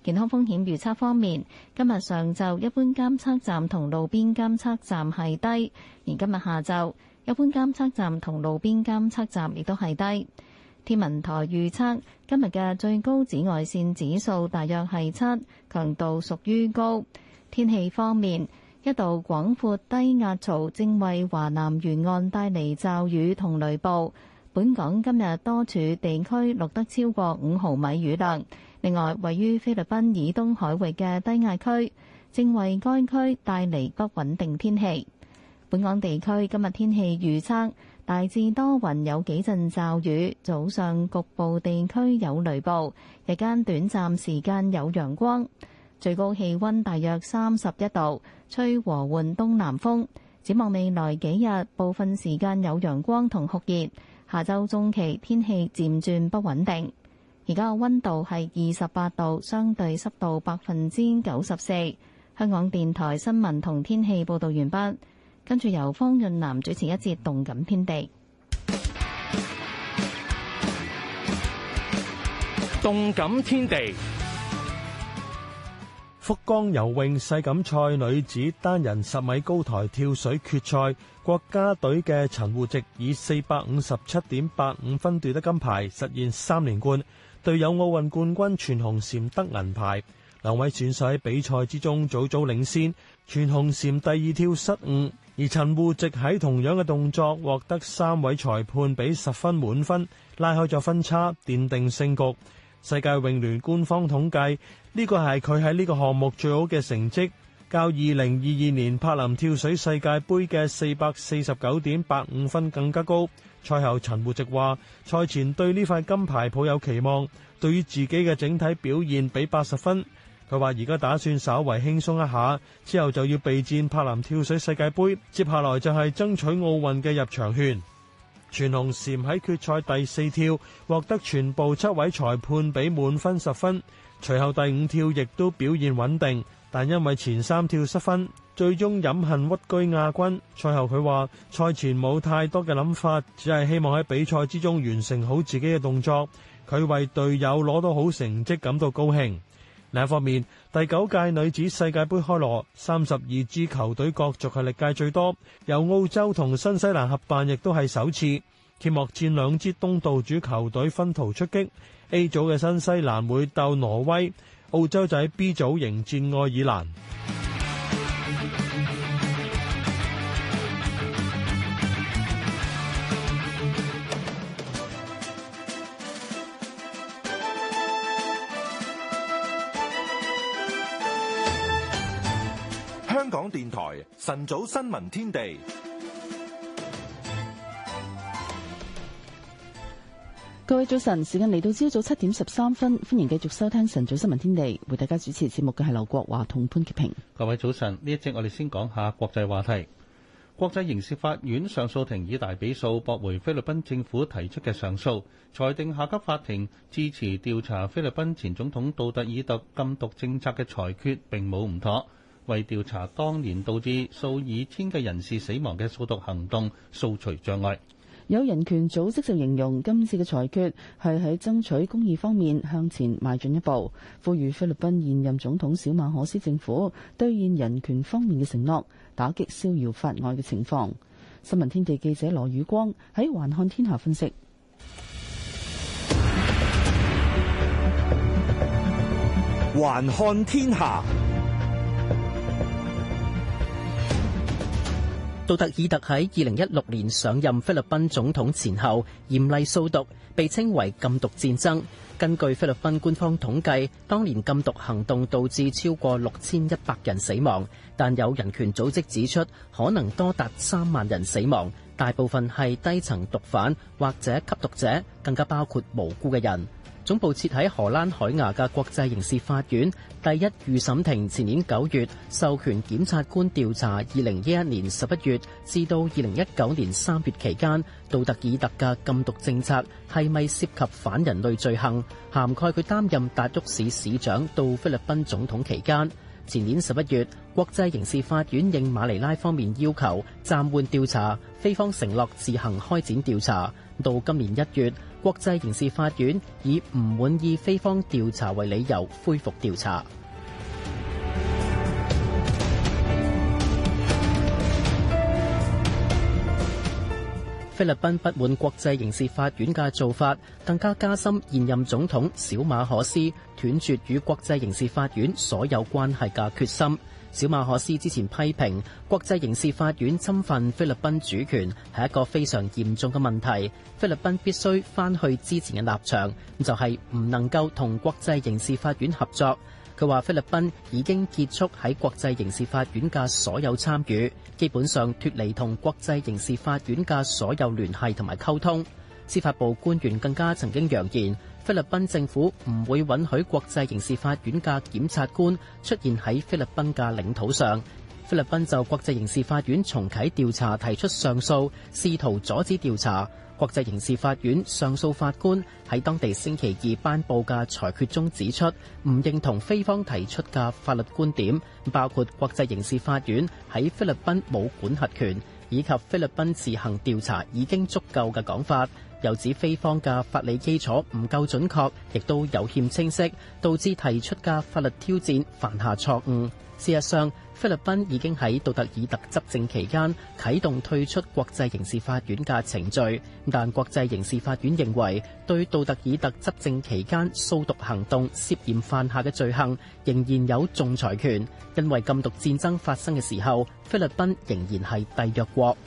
健康風險預測方面，今日上晝一般監測站同路邊監測站係低，而今日下晝一般監測站同路邊監測站亦都係低。天文台預測今日嘅最高紫外線指數大約係七，強度屬於高。天氣方面，一道廣闊低壓槽正為華南沿岸帶嚟驟雨同雷暴，本港今日多處地區錄得超過五毫米雨量。另外，位於菲律賓以東海域嘅低壓區，正為該區帶嚟不穩定天氣。本港地區今日天氣預測大致多雲，有幾陣驟雨，早上局部地區有雷暴，日間短暫時間有陽光，最高氣温大約三十一度，吹和緩東南風。展望未來幾日，部分時間有陽光同酷熱，下周中期天氣漸轉不穩定。而家嘅溫度係二十八度，相對濕度百分之九十四。香港電台新聞同天氣報道完畢，跟住由方潤南主持一節動感天地。動感天地，福岡游泳世錦賽女子單人十米高台跳水決賽，國家隊嘅陳芋汐以四百五十七點八五分奪得金牌，實現三連冠。隊友奧運冠軍全紅嬋得銀牌，兩位選手喺比賽之中早早領先，全紅嬋第二跳失誤，而陳芋汐喺同樣嘅動作獲得三位裁判俾十分滿分，拉開咗分差，奠定勝局。世界泳聯官方統計呢個係佢喺呢個項目最好嘅成績，較二零二二年柏林跳水世界杯嘅四百四十九點八五分更加高。賽後，陳芋汐話：賽前對呢塊金牌抱有期望，對於自己嘅整體表現俾八十分。佢話：而家打算稍微輕鬆一下，之後就要備戰柏林跳水世界杯，接下來就係爭取奧運嘅入場券。全紅嬋喺決賽第四跳獲得全部七位裁判俾滿分十分，隨後第五跳亦都表現穩定。但因為前三跳失分，最終飲恨屈居亞軍。賽後他說，佢話賽前冇太多嘅諗法，只係希望喺比賽之中完成好自己嘅動作。佢為隊友攞到好成績感到高興。另一方面，第九屆女子世界盃開羅三十二支球隊角逐係歷屆最多，由澳洲同新西蘭合辦亦都係首次。揭幕戰兩支東道主球隊分途出擊 A 組嘅新西蘭會鬥挪威。澳洲仔 B 組迎戰愛爾蘭。香港電台晨早新聞天地。各位早晨，時間嚟到朝早七點十三分，歡迎繼續收聽晨早新聞天地。為大家主持節目嘅係劉國華同潘潔平。各位早晨，呢一節我哋先講下國際話題。國際刑事法院上訴庭以大比數駁回菲律賓政府提出嘅上訴，裁定下級法庭支持調查菲律賓前總統杜特爾特禁毒政策嘅裁決，並冇唔妥，為調查當年導致數以千計人士死亡嘅掃毒行動掃除障礙。有人權組織就形容今次嘅裁決係喺爭取公義方面向前邁進一步，呼籲菲律賓現任總統小馬可斯政府兌現人權方面嘅承諾，打擊逍遙法外嘅情況。新聞天地記者羅宇光喺環看天下分析。環看天下。杜特爾特喺二零一六年上任菲律賓總統前後嚴厲掃毒，被稱為禁毒戰爭。根據菲律賓官方統計，當年禁毒行動導致超過六千一百人死亡，但有人權組織指出，可能多達三萬人死亡，大部分係低層毒販或者吸毒者，更加包括無辜嘅人。總部設喺荷蘭海牙嘅國際刑事法院第一預審庭前年九月授權檢察官調查2011年十一月至到2019年三月期間杜特爾特嘅禁毒政策係咪涉及反人類罪行，涵蓋佢擔任達沃市市長到菲律賓總統期間。前年十一月，國際刑事法院應馬尼拉方面要求暫緩調查，菲方承諾自行開展調查。到今年一月，國際刑事法院以唔滿意菲方調查為理由恢復調查。菲律賓不滿國際刑事法院嘅做法，更加加深現任總統小馬可斯斷絕與國際刑事法院所有關係嘅決心。小馬可斯之前批評國際刑事法院侵犯菲律賓主權係一個非常嚴重嘅問題，菲律賓必須翻去之前嘅立場，就係唔能夠同國際刑事法院合作。佢話菲律賓已經結束喺國際刑事法院嘅所有參與，基本上脱離同國際刑事法院嘅所有聯繫同埋溝通。司法部官員更加曾經揚言。菲律賓政府唔會允許國際刑事法院嘅檢察官出現喺菲律賓嘅領土上。菲律賓就國際刑事法院重啟調查提出上訴，試圖阻止調查。國際刑事法院上訴法官喺當地星期二頒布嘅裁決中指出，唔認同菲方提出嘅法律觀點，包括國際刑事法院喺菲律賓冇管轄權，以及菲律賓自行調查已經足夠嘅講法。又指菲方嘅法理基礎唔夠準確，亦都有欠清晰，導致提出嘅法律挑戰犯下錯誤。事實上，菲律賓已經喺杜特爾特執政期間啟動退出國際刑事法院嘅程序，但國際刑事法院認為對杜特爾特執政期間掃毒行動涉嫌犯下嘅罪行仍然有仲裁權，因為禁毒戰爭發生嘅時候，菲律賓仍然係締約國。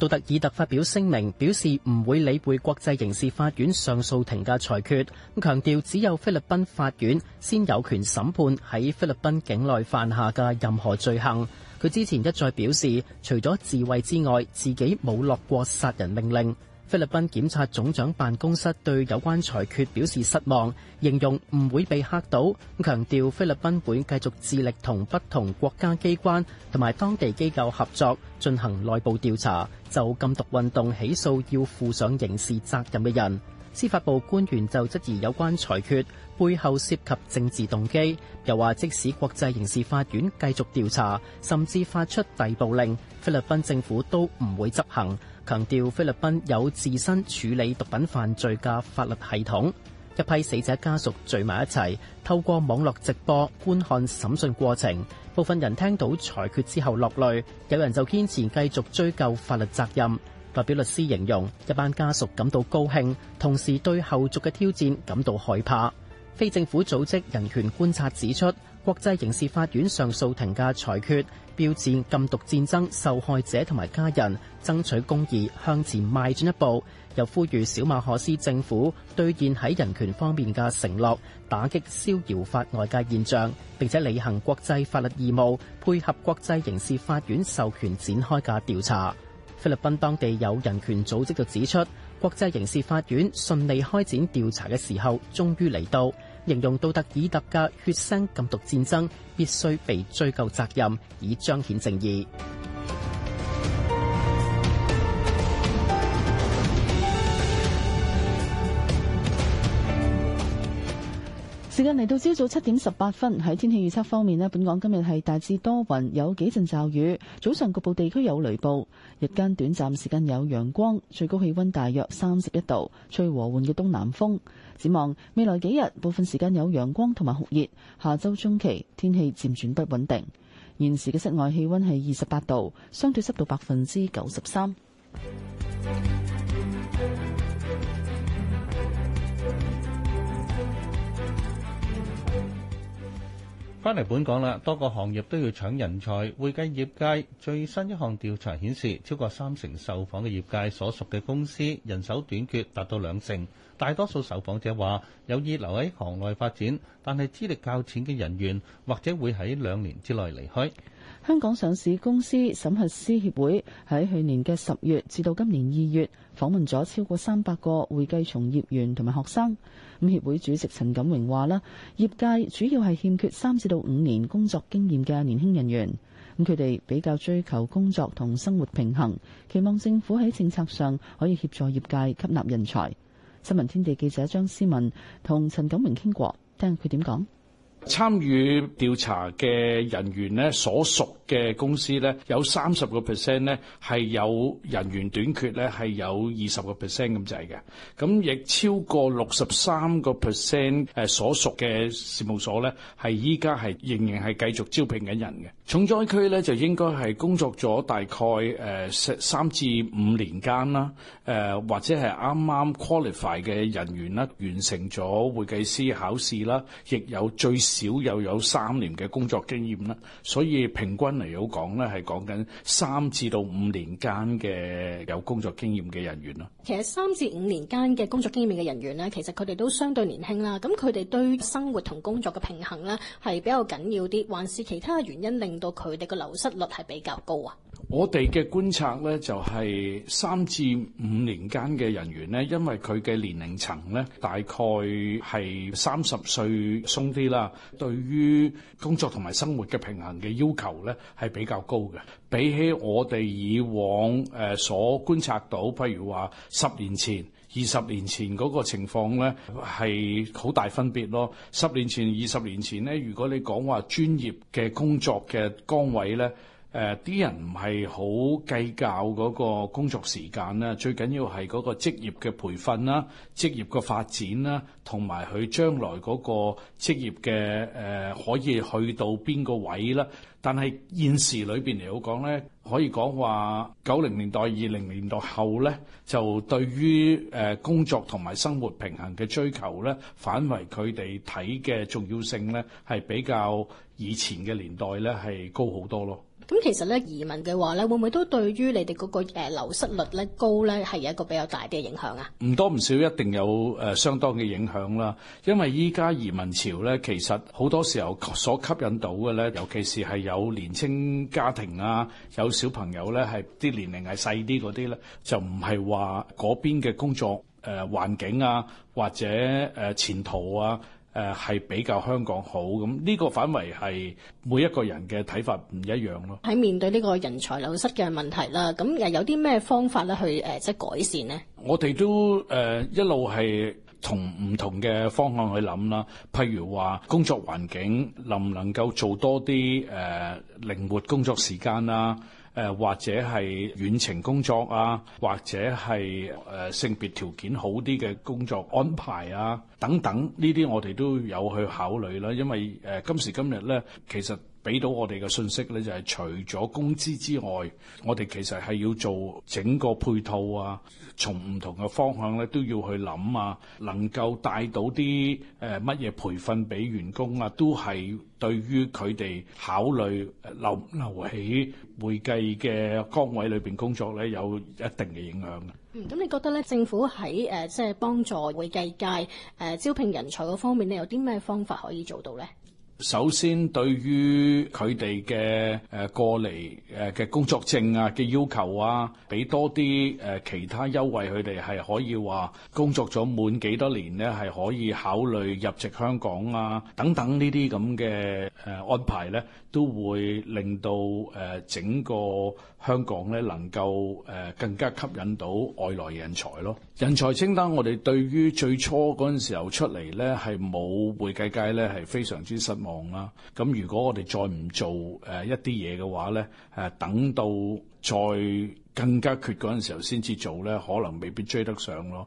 杜特爾特發表聲明，表示唔會理會國際刑事法院上訴庭嘅裁決，強調只有菲律賓法院先有權審判喺菲律賓境內犯下嘅任何罪行。佢之前一再表示，除咗自衛之外，自己冇落過殺人命令。菲律賓檢察總長辦公室對有關裁決表示失望，形容唔會被嚇到，強調菲律賓會繼續致力同不同國家機關同埋當地機構合作進行內部調查，就禁毒運動起訴要負上刑事責任嘅人。司法部官員就質疑有關裁決背後涉及政治動機，又話即使國際刑事法院繼續調查，甚至發出逮捕令，菲律賓政府都唔會執行。強調菲律賓有自身處理毒品犯罪嘅法律系統。一批死者家屬聚埋一齊，透過網絡直播觀看審訊過程。部分人聽到裁決之後落淚，有人就堅持繼續追究法律責任。代表律師形容一班家屬感到高興，同時對後續嘅挑戰感到害怕。非政府組織人權觀察指出，國際刑事法院上訴庭嘅裁決標誌禁毒戰爭受害者同埋家人爭取公義向前邁進一步，又呼籲小馬可斯政府兌現喺人權方面嘅承諾，打擊逍遙法外嘅現象，並且履行國際法律義務，配合國際刑事法院授權展開嘅調查。菲律賓當地有人權組織就指出，國際刑事法院順利開展調查嘅時候終於嚟到。形容杜特爾特嘅血腥禁毒戰爭，必須被追究責任，以彰顯正義。時間嚟到朝早七點十八分，喺天氣預測方面呢，本港今日係大致多雲，有幾陣驟雨，早上局部地區有雷暴，日間短暫時間有陽光，最高氣溫大約三十一度，吹和緩嘅東南風。展望未來幾日，部分時間有陽光同埋酷熱。下周中期天氣漸轉不穩定。現時嘅室外氣温係二十八度，相對濕度百分之九十三。翻嚟本港啦，多個行業都要搶人才。會計業界最新一項調查顯示，超過三成受訪嘅業界所屬嘅公司人手短缺達到兩成。大多數受訪者話有意留喺行內發展，但係資歷較淺嘅人員或者會喺兩年之內離開。香港上市公司審核師協會喺去年嘅十月至到今年二月訪問咗超過三百個會計從業員同埋學生。咁協會主席陳錦榮話啦，業界主要係欠缺三至到五年工作經驗嘅年輕人員。咁佢哋比較追求工作同生活平衡，期望政府喺政策上可以協助業界吸納人才。新聞天地記者張思文同陳錦明傾過，聽下佢點講。參與調查嘅人員咧，所屬嘅公司咧，有三十個 percent 咧係有人員短缺咧，係有二十個 percent 咁滯嘅。咁亦超過六十三個 percent 誒所屬嘅事務所咧，係依家係仍然係繼續招聘緊人嘅。重災區咧就應該係工作咗大概誒三至五年間啦，誒或者係啱啱 qualify 嘅人員啦，完成咗會計師考試啦，亦有最少。少又有，有三年嘅工作經驗啦，所以平均嚟到講咧，係講緊三至到五年間嘅有工作經驗嘅人員啦。其實三至五年間嘅工作經驗嘅人員呢，其實佢哋都相對年輕啦，咁佢哋對生活同工作嘅平衡呢，係比較緊要啲，還是其他嘅原因令到佢哋嘅流失率係比較高啊？我哋嘅觀察呢，就係三至五年間嘅人員呢，因為佢嘅年齡層呢，大概係三十歲鬆啲啦，對於工作同埋生活嘅平衡嘅要求呢，係比較高嘅。比起我哋以往誒所觀察到，譬如話十年前、二十年前嗰個情況咧，係好大分別咯。十年前、二十年前咧，如果你講話專業嘅工作嘅崗位咧，誒啲、呃、人唔係好計較嗰個工作時間啦，最緊要係嗰個職業嘅培訓啦、職業嘅發展啦，同埋佢將來嗰個職業嘅誒、呃、可以去到邊個位啦。但係現時裏面嚟講咧，可以講話九零年代、二零年代後咧，就對於誒工作同埋生活平衡嘅追求咧，反為佢哋睇嘅重要性咧，係比較以前嘅年代咧係高好多咯。咁其實咧移民嘅話咧，會唔會都對於你哋嗰個誒流失率咧高咧係有一個比較大啲嘅影響啊？唔多唔少一定有誒相當嘅影響啦，因為依家移民潮咧其實好多時候所吸引到嘅咧，尤其是係有年輕家庭啊，有小朋友咧係啲年齡係細啲嗰啲咧，就唔係話嗰邊嘅工作誒環境啊，或者誒前途啊。誒係比較香港好咁，呢個反為係每一個人嘅睇法唔一樣咯。喺面對呢個人才流失嘅問題啦，咁又有啲咩方法咧去誒即係改善呢？我哋都誒一路係從唔同嘅方向去諗啦，譬如話工作環境能唔能夠做多啲誒靈活工作時間啦？誒或者係遠程工作啊，或者係誒性別條件好啲嘅工作安排啊，等等呢啲我哋都有去考慮啦。因為誒今時今日呢，其實俾到我哋嘅信息呢，就係除咗工資之外，我哋其實係要做整個配套啊，從唔同嘅方向咧都要去諗啊，能夠帶到啲誒乜嘢培訓俾員工啊，都係。對於佢哋考慮留留喺會計嘅崗位裏邊工作咧，有一定嘅影響嘅。嗯，咁你覺得咧，政府喺誒即係幫助會計界誒、呃、招聘人才嗰方面咧，有啲咩方法可以做到咧？首先，對於佢哋嘅誒過嚟誒嘅工作證啊嘅要求啊，俾多啲誒其他優惠，佢哋係可以話工作咗滿幾多年咧，係可以考慮入籍香港啊等等呢啲咁嘅誒安排咧，都會令到誒整個香港咧能夠誒更加吸引到外來人才咯。人才清單，我哋對於最初嗰陣時候出嚟咧係冇會計界咧係非常之失望。啦，咁如果我哋再唔做誒一啲嘢嘅話咧，誒等到再更加缺嗰陣時候先至做咧，可能未必追得上咯。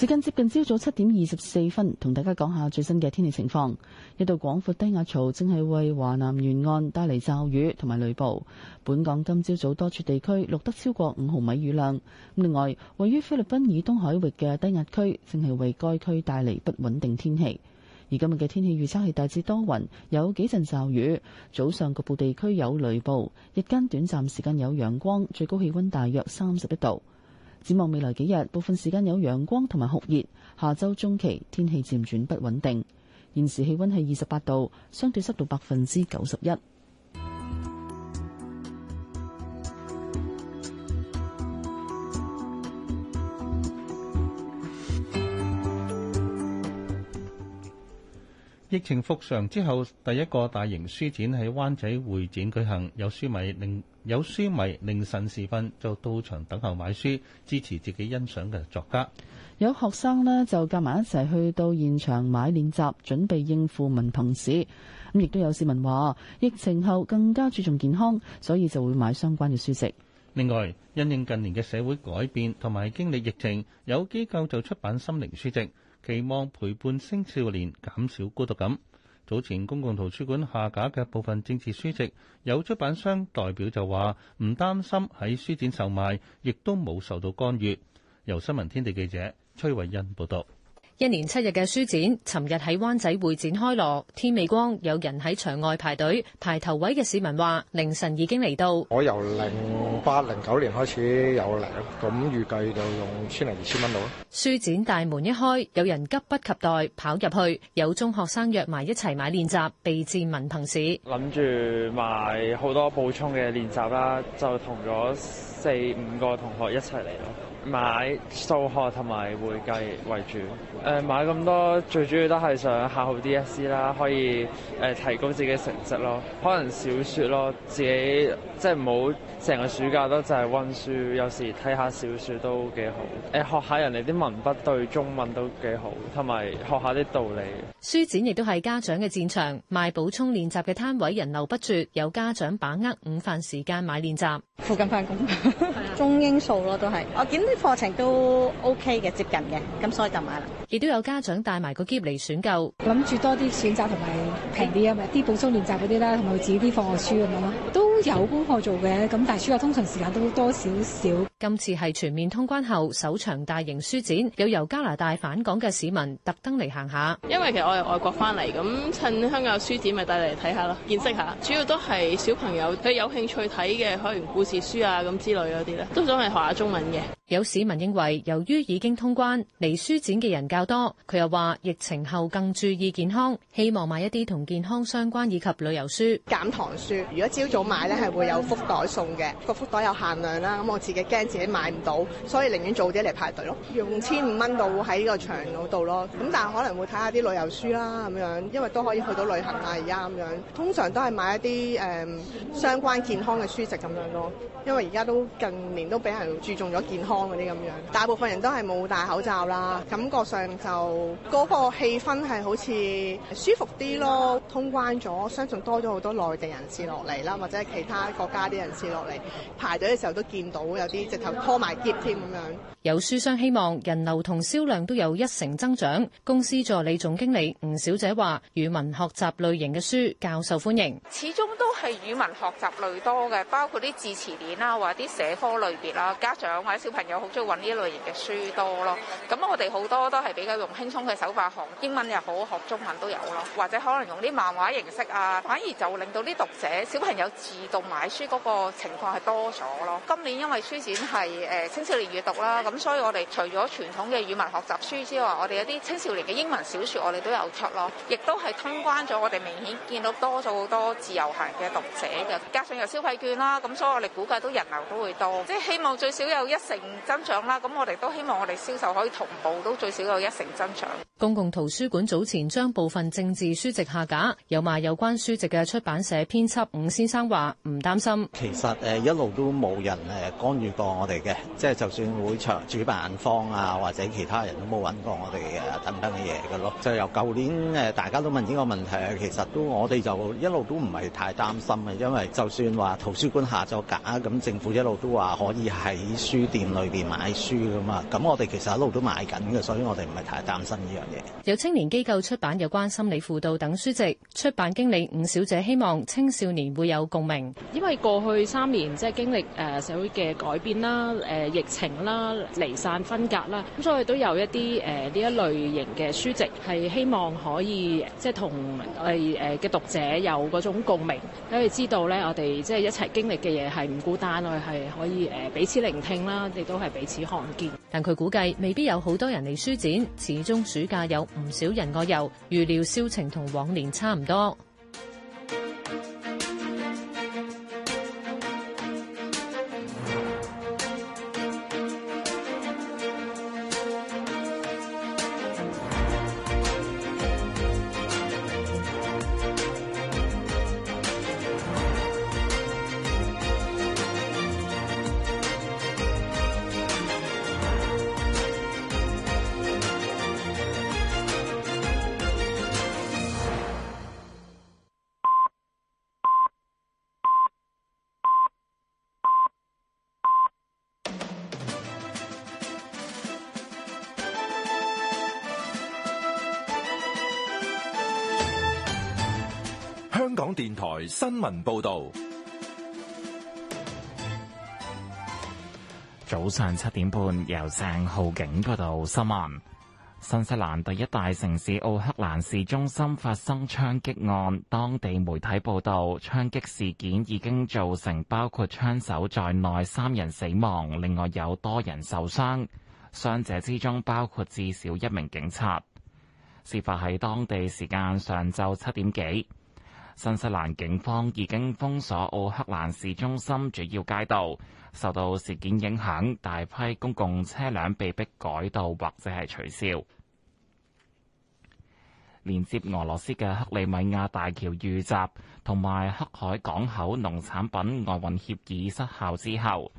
時間接近朝早七點二十四分，同大家講下最新嘅天氣情況。一道廣闊低壓槽正係為華南沿岸帶嚟驟雨同埋雷暴。本港今朝早多處地區錄得超過五毫米雨量。另外，位於菲律賓以東海域嘅低壓區正係為該區帶嚟不穩定天氣。而今日嘅天氣預測係大致多雲，有幾陣驟雨。早上局部地區有雷暴，日間短暫時間有陽光，最高氣温大約三十一度。展望未來幾日，部分時間有陽光同埋酷熱，下周中期天氣漸轉不穩定。現時氣溫係二十八度，相對濕度百分之九十一。疫情復常之後，第一個大型書展喺灣仔會展舉行，有書迷凌有書迷凌晨時分就到場等候買書，支持自己欣賞嘅作家。有學生呢，就夾埋一齊去到現場買練習，準備應付文憑試。咁亦都有市民話，疫情後更加注重健康，所以就會買相關嘅書籍。另外，因應近年嘅社會改變同埋經歷疫情，有機構就出版心靈書籍。期望陪伴青少年減少孤獨感。早前公共圖書館下架嘅部分政治書籍，有出版商代表就話唔擔心喺書展售賣，亦都冇受到干預，由新聞天地記者崔慧欣報道。一年七日嘅書展，尋日喺灣仔會展開鑼。天未光，有人喺場外排隊。排頭位嘅市民話：凌晨已經嚟到。我由零八零九年開始有嚟，咁預計就用千零二千蚊到。2, 書展大門一開，有人急不及待跑入去。有中學生約埋一齊買練習，備戰文憑試。諗住買好多補充嘅練習啦，就同咗四五個同學一齊嚟咯。買數學同埋會計為主。誒買咁多，最主要都係想考好 DSE 啦，可以誒提高自己嘅成績咯。可能小説咯，自己即係唔好成個暑假都就係温書，有時睇下小説都幾好。誒學下人哋啲文筆，對中文都幾好，同埋學下啲道理。書展亦都係家長嘅戰場，賣補充練習嘅攤位人流不絕，有家長把握午飯時間買練習。附近翻工。 中英數咯都係，我啲課程都 OK 嘅，接近嘅，咁所以就買啦。亦都有家長帶埋個 Kid 嚟選購，諗住多啲選擇同埋平啲啊嘛，啲、嗯、補充練習嗰啲啦，同埋自己啲課外書咁咯，都有功課做嘅，咁但係暑假通常時間都多少少。今次係全面通關後首場大型書展，有由加拿大返港嘅市民特登嚟行下。因為其實我係外國翻嚟，咁趁香港書展咪帶嚟睇下咯，見識一下。主要都係小朋友，佢有興趣睇嘅，可能故事書啊咁之類嗰啲咧，都想係學下中文嘅。有市民認為，由於已經通關，嚟書展嘅人較多，佢又話疫情後更注意健康，希望買一啲同健康相關以及旅遊書。減糖書，如果朝早買呢，係會有福袋送嘅，個福袋有限量啦，咁我自己驚。自己買唔到，所以寧願早啲嚟排隊咯，用千五蚊度喺呢個場度咯。咁但係可能會睇下啲旅遊書啦，咁樣，因為都可以去到旅行啊，而家咁樣通常都係買一啲誒、嗯、相關健康嘅書籍咁樣咯，因為而家都近年都俾人注重咗健康嗰啲，咁樣大部分人都係冇戴口罩啦，感覺上就嗰個氣氛係好似舒服啲咯。通關咗，相信多咗好多內地人士落嚟啦，或者係其他國家啲人士落嚟排隊嘅時候都見到有啲鋪埋結添咁樣，有書商希望人流同銷量都有一成增長。公司助理總經理吳小姐話：語文學習類型嘅書較受歡迎，始終都係語文學習類多嘅，包括啲字詞典啊，或者啲社科類別啦。家長或者小朋友好中意揾呢類型嘅書多咯。咁我哋好多都係比較用輕鬆嘅手法學英文又好，學中文都有咯，或者可能用啲漫畫形式啊，反而就令到啲讀者小朋友自動買書嗰個情況係多咗咯。今年因為書展。係誒青少年閲讀啦，咁所以我哋除咗傳統嘅語文學習書之外，我哋有啲青少年嘅英文小説，我哋都有出咯，亦都係通關咗。我哋明顯見到多咗好多自由行嘅讀者嘅，加上有消費券啦，咁所以我哋估計都人流都會多，即係希望最少有一成增長啦。咁我哋都希望我哋銷售可以同步到最少有一成增長。公共圖書館早前將部分政治書籍下架，有賣有關書籍嘅出版社編輯伍先生話：唔擔心。其實誒、呃、一路都冇人誒干預過。我哋嘅即係就算會場主辦方啊，或者其他人都冇揾過我哋嘅等等嘅嘢嘅咯。就由舊年誒大家都問呢個問題啊，其實都我哋就一路都唔係太擔心啊，因為就算話圖書館下咗架，咁政府一路都話可以喺書店裏邊買書噶嘛。咁我哋其實一路都買緊嘅，所以我哋唔係太擔心呢樣嘢。有青年機構出版有關心理輔導等書籍，出版經理伍小姐希望青少年會有共鳴，因為過去三年即係、就是、經歷誒社會嘅改變啦。啦，誒疫情啦，離散分隔啦，咁所以都有一啲誒呢一類型嘅書籍，係希望可以即係同我哋誒嘅讀者有嗰種共鳴，因為知道咧我哋即係一齊經歷嘅嘢係唔孤單咯，係可以誒彼此聆聽啦，亦都係彼此看見。但佢估計未必有好多人嚟書展，始終暑假有唔少人外遊，預料銷情同往年差唔多。新聞報道：早上七點半，由鄭浩景嗰度新聞。新西蘭第一大城市奧克蘭市中心發生槍擊案，當地媒體報道，槍擊事件已經造成包括槍手在內三人死亡，另外有多人受傷，傷者之中包括至少一名警察。事發喺當地時間上晝七點幾。新西蘭警方已經封鎖奧克蘭市中心主要街道，受到事件影響，大批公共車輛被迫改道或者係取消。連接俄羅斯嘅克里米亞大橋遇襲，同埋黑海港口農產品外運協議失效之後，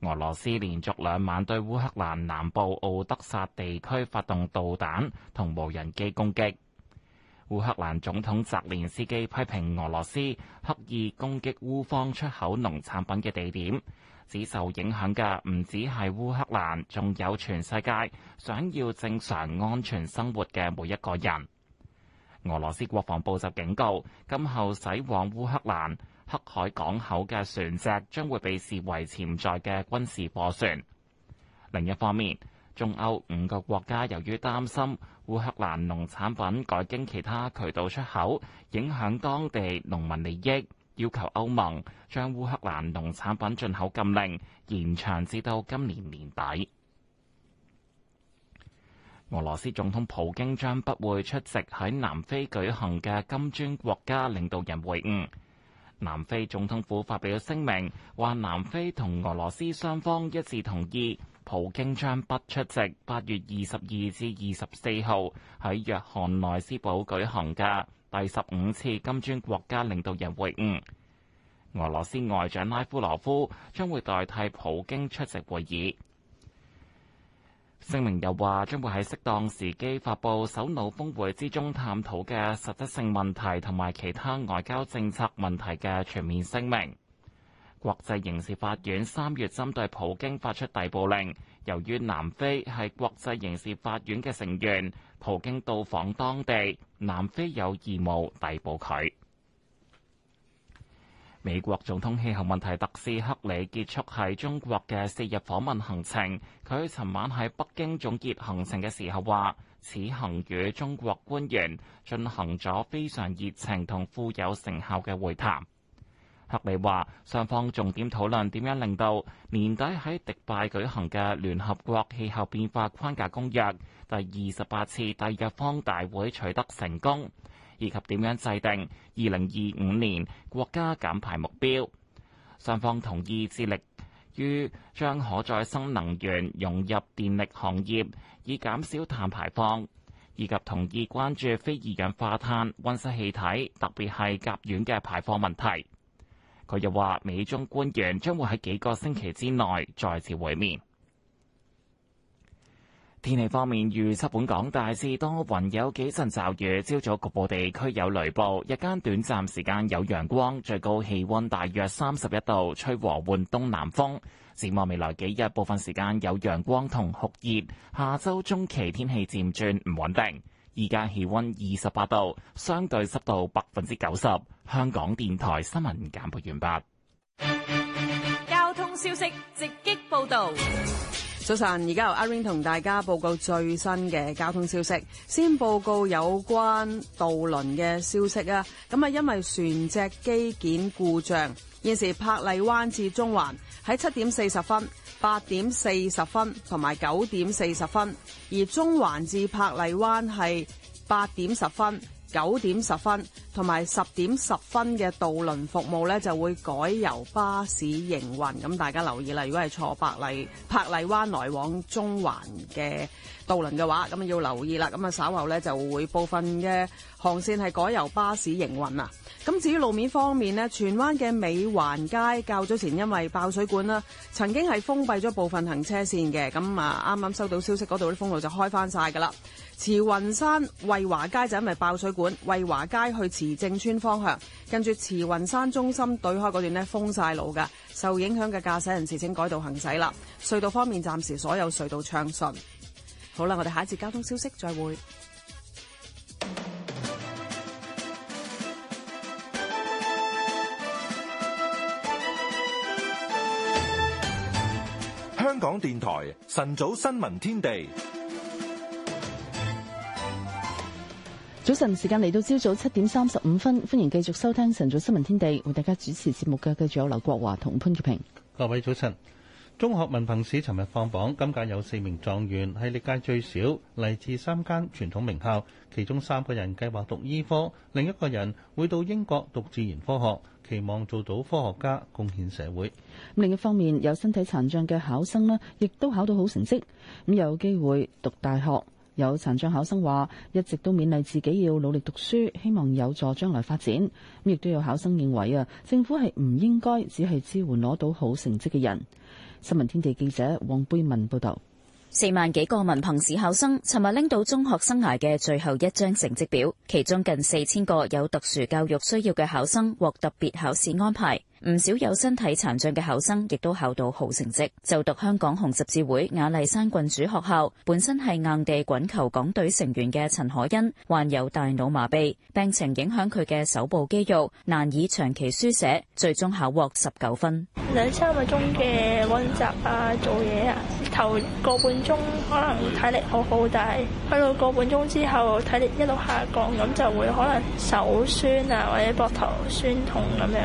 俄羅斯連續兩晚對烏克蘭南部敖德薩地區發動導彈同無人機攻擊。烏克蘭總統澤連斯基批評俄羅斯刻意攻擊烏方出口農產品嘅地點，指受影響嘅唔止係烏克蘭，仲有全世界想要正常安全生活嘅每一個人。俄羅斯國防部就警告，今後駛往烏克蘭黑海港口嘅船隻將會被視為潛在嘅軍事貨船。另一方面，中歐五個國家由於擔心。烏克蘭農產品改經其他渠道出口，影響當地農民利益，要求歐盟將烏克蘭農產品進口禁令延長至到今年年底。俄羅斯總統普京將不會出席喺南非舉行嘅金磚國家領導人會晤。南非總統府發表咗聲明話南非同俄羅斯雙方一致同意。普京將不出席八月二十二至二十四號喺約翰內斯堡舉行嘅第十五次金磚國家領導人會晤。俄羅斯外長拉夫羅夫將會代替普京出席會議。聲明又話將會喺適當時機發佈首腦峰會之中探討嘅實質性問題同埋其他外交政策問題嘅全面聲明。國際刑事法院三月針對普京發出逮捕令，由於南非係國際刑事法院嘅成員，普京到訪當地，南非有義務逮捕佢。美國總統氣候問題特使克里結束喺中國嘅四日訪問行程，佢尋晚喺北京總結行程嘅時候話，此行與中國官員進行咗非常熱情同富有成效嘅會談。克里話：雙方重點討論點樣令到年底喺迪拜舉行嘅聯合國氣候變化框架公約第二十八次締約方大會取得成功，以及點樣制定二零二五年國家減排目標。雙方同意致力於將可再生能源融入電力行業，以減少碳排放，以及同意關注非二氧化碳溫室氣體，特別係甲烷嘅排放問題。佢又話：美中官員將會喺幾個星期之內再次會面。天氣方面預測，預測本港大致多雲，雲有幾陣驟雨，朝早局部地區有雷暴，日間短暫時間有陽光，最高氣溫大約三十一度，吹和緩東南風。展望未來幾日，部分時間有陽光同酷熱。下周中期天氣漸轉唔穩定。而家氣溫二十八度，相對濕度百分之九十。香港電台新聞簡報完畢。交通消息直擊報道。早晨，而家由阿 Ring 同大家報告最新嘅交通消息。先報告有關渡輪嘅消息啊。咁啊，因為船隻機件故障，現時柏麗灣至中環喺七點四十分。八點四十分同埋九點四十分，而中環至柏麗灣係八點十分、九點十分同埋十點十分嘅渡輪服務呢，就會改由巴士營運。咁大家留意啦，如果係坐柏麗柏麗灣來往中環嘅渡輪嘅話，咁啊要留意啦。咁啊稍後呢就會部分嘅。航線係改由巴士營運啊。咁至於路面方面咧，荃灣嘅美環街較早前因為爆水管啦，曾經係封閉咗部分行車線嘅。咁啊，啱啱收到消息嗰度啲封路就開翻晒噶啦。慈雲山惠華街就因為爆水管，惠華街去慈正村方向，跟住慈雲山中心對開嗰段封晒路噶，受影響嘅駕駛人士請改道行駛啦。隧道方面，暫時所有隧道暢順。好啦，我哋下一節交通消息再會。香港電台晨早新聞天地，早晨時間嚟到朝早七點三十五分，歡迎繼續收聽晨早新聞天地，為大家主持節目嘅繼續有劉國華同潘潔平。各位早晨，中學文憑試尋日放榜，今屆有四名狀元，係歷屆最少，嚟自三間傳統名校，其中三個人計劃讀醫科，另一個人會到英國讀自然科學。期望做到科學家，貢獻社會。另一方面，有身體殘障嘅考生呢，亦都考到好成績，咁有機會讀大學。有殘障考生話，一直都勉勵自己要努力讀書，希望有助將來發展。咁亦都有考生認為啊，政府係唔應該只係支援攞到好成績嘅人。新聞天地記者黃貝文報道。四萬幾個文憑試考生尋日拎到中學生涯嘅最後一張成績表，其中近四千個有特殊教育需要嘅考生獲特別考試安排，唔少有身體殘障嘅考生亦都考到好成績。就讀香港紅十字會雅麗珊郡主學校，本身係硬地滾球港隊成員嘅陳可欣，患有大腦麻痹，病情影響佢嘅手部肌肉，難以長期書寫，最終考獲十九分。兩三個鐘嘅溫習啊，做嘢啊。頭個半鐘可能體力好好，但係去到個半鐘之後，體力一路下降，咁就會可能手酸啊，或者膊頭酸痛咁樣。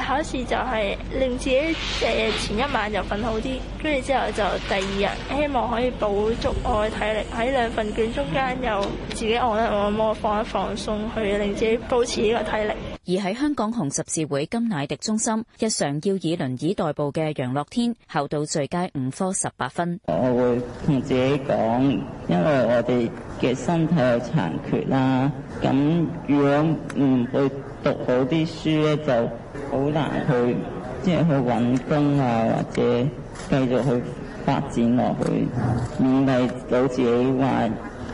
考試就係令自己誒，前一晚就瞓好啲，跟住之後就第二日希望可以補足我嘅體力，喺兩份卷中間又自己按摩按摩放一放鬆，去令自己保持呢個體力。而喺香港紅十字會甘迺迪中心，日常要以輪椅代步嘅楊樂天，考到最佳五科十八分。我會同自己講，因為我哋嘅身體有殘缺啦，咁如果唔會讀好啲書咧，就好難去，即係去搵工啊，或者繼續去發展落去，勉勵到自己話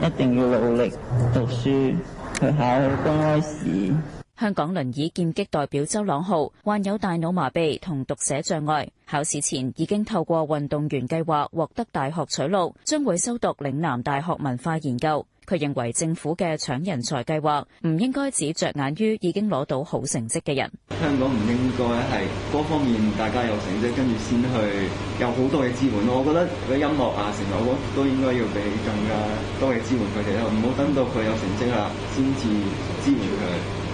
一定要努力讀書，去考去公開試。香港輪椅劍擊代表周朗浩患有大腦麻痹同讀寫障礙，考試前已經透過運動員計劃獲得大學取錄，將會修讀嶺南大學文化研究。佢認為政府嘅搶人才計劃唔應該只着眼於已經攞到好成績嘅人。香港唔應該係多方面大家有成績，跟住先去有好多嘅支援。我覺得音樂啊，成個都都應該要俾更加多嘅支援佢哋，唔好等到佢有成績啦先至支援佢。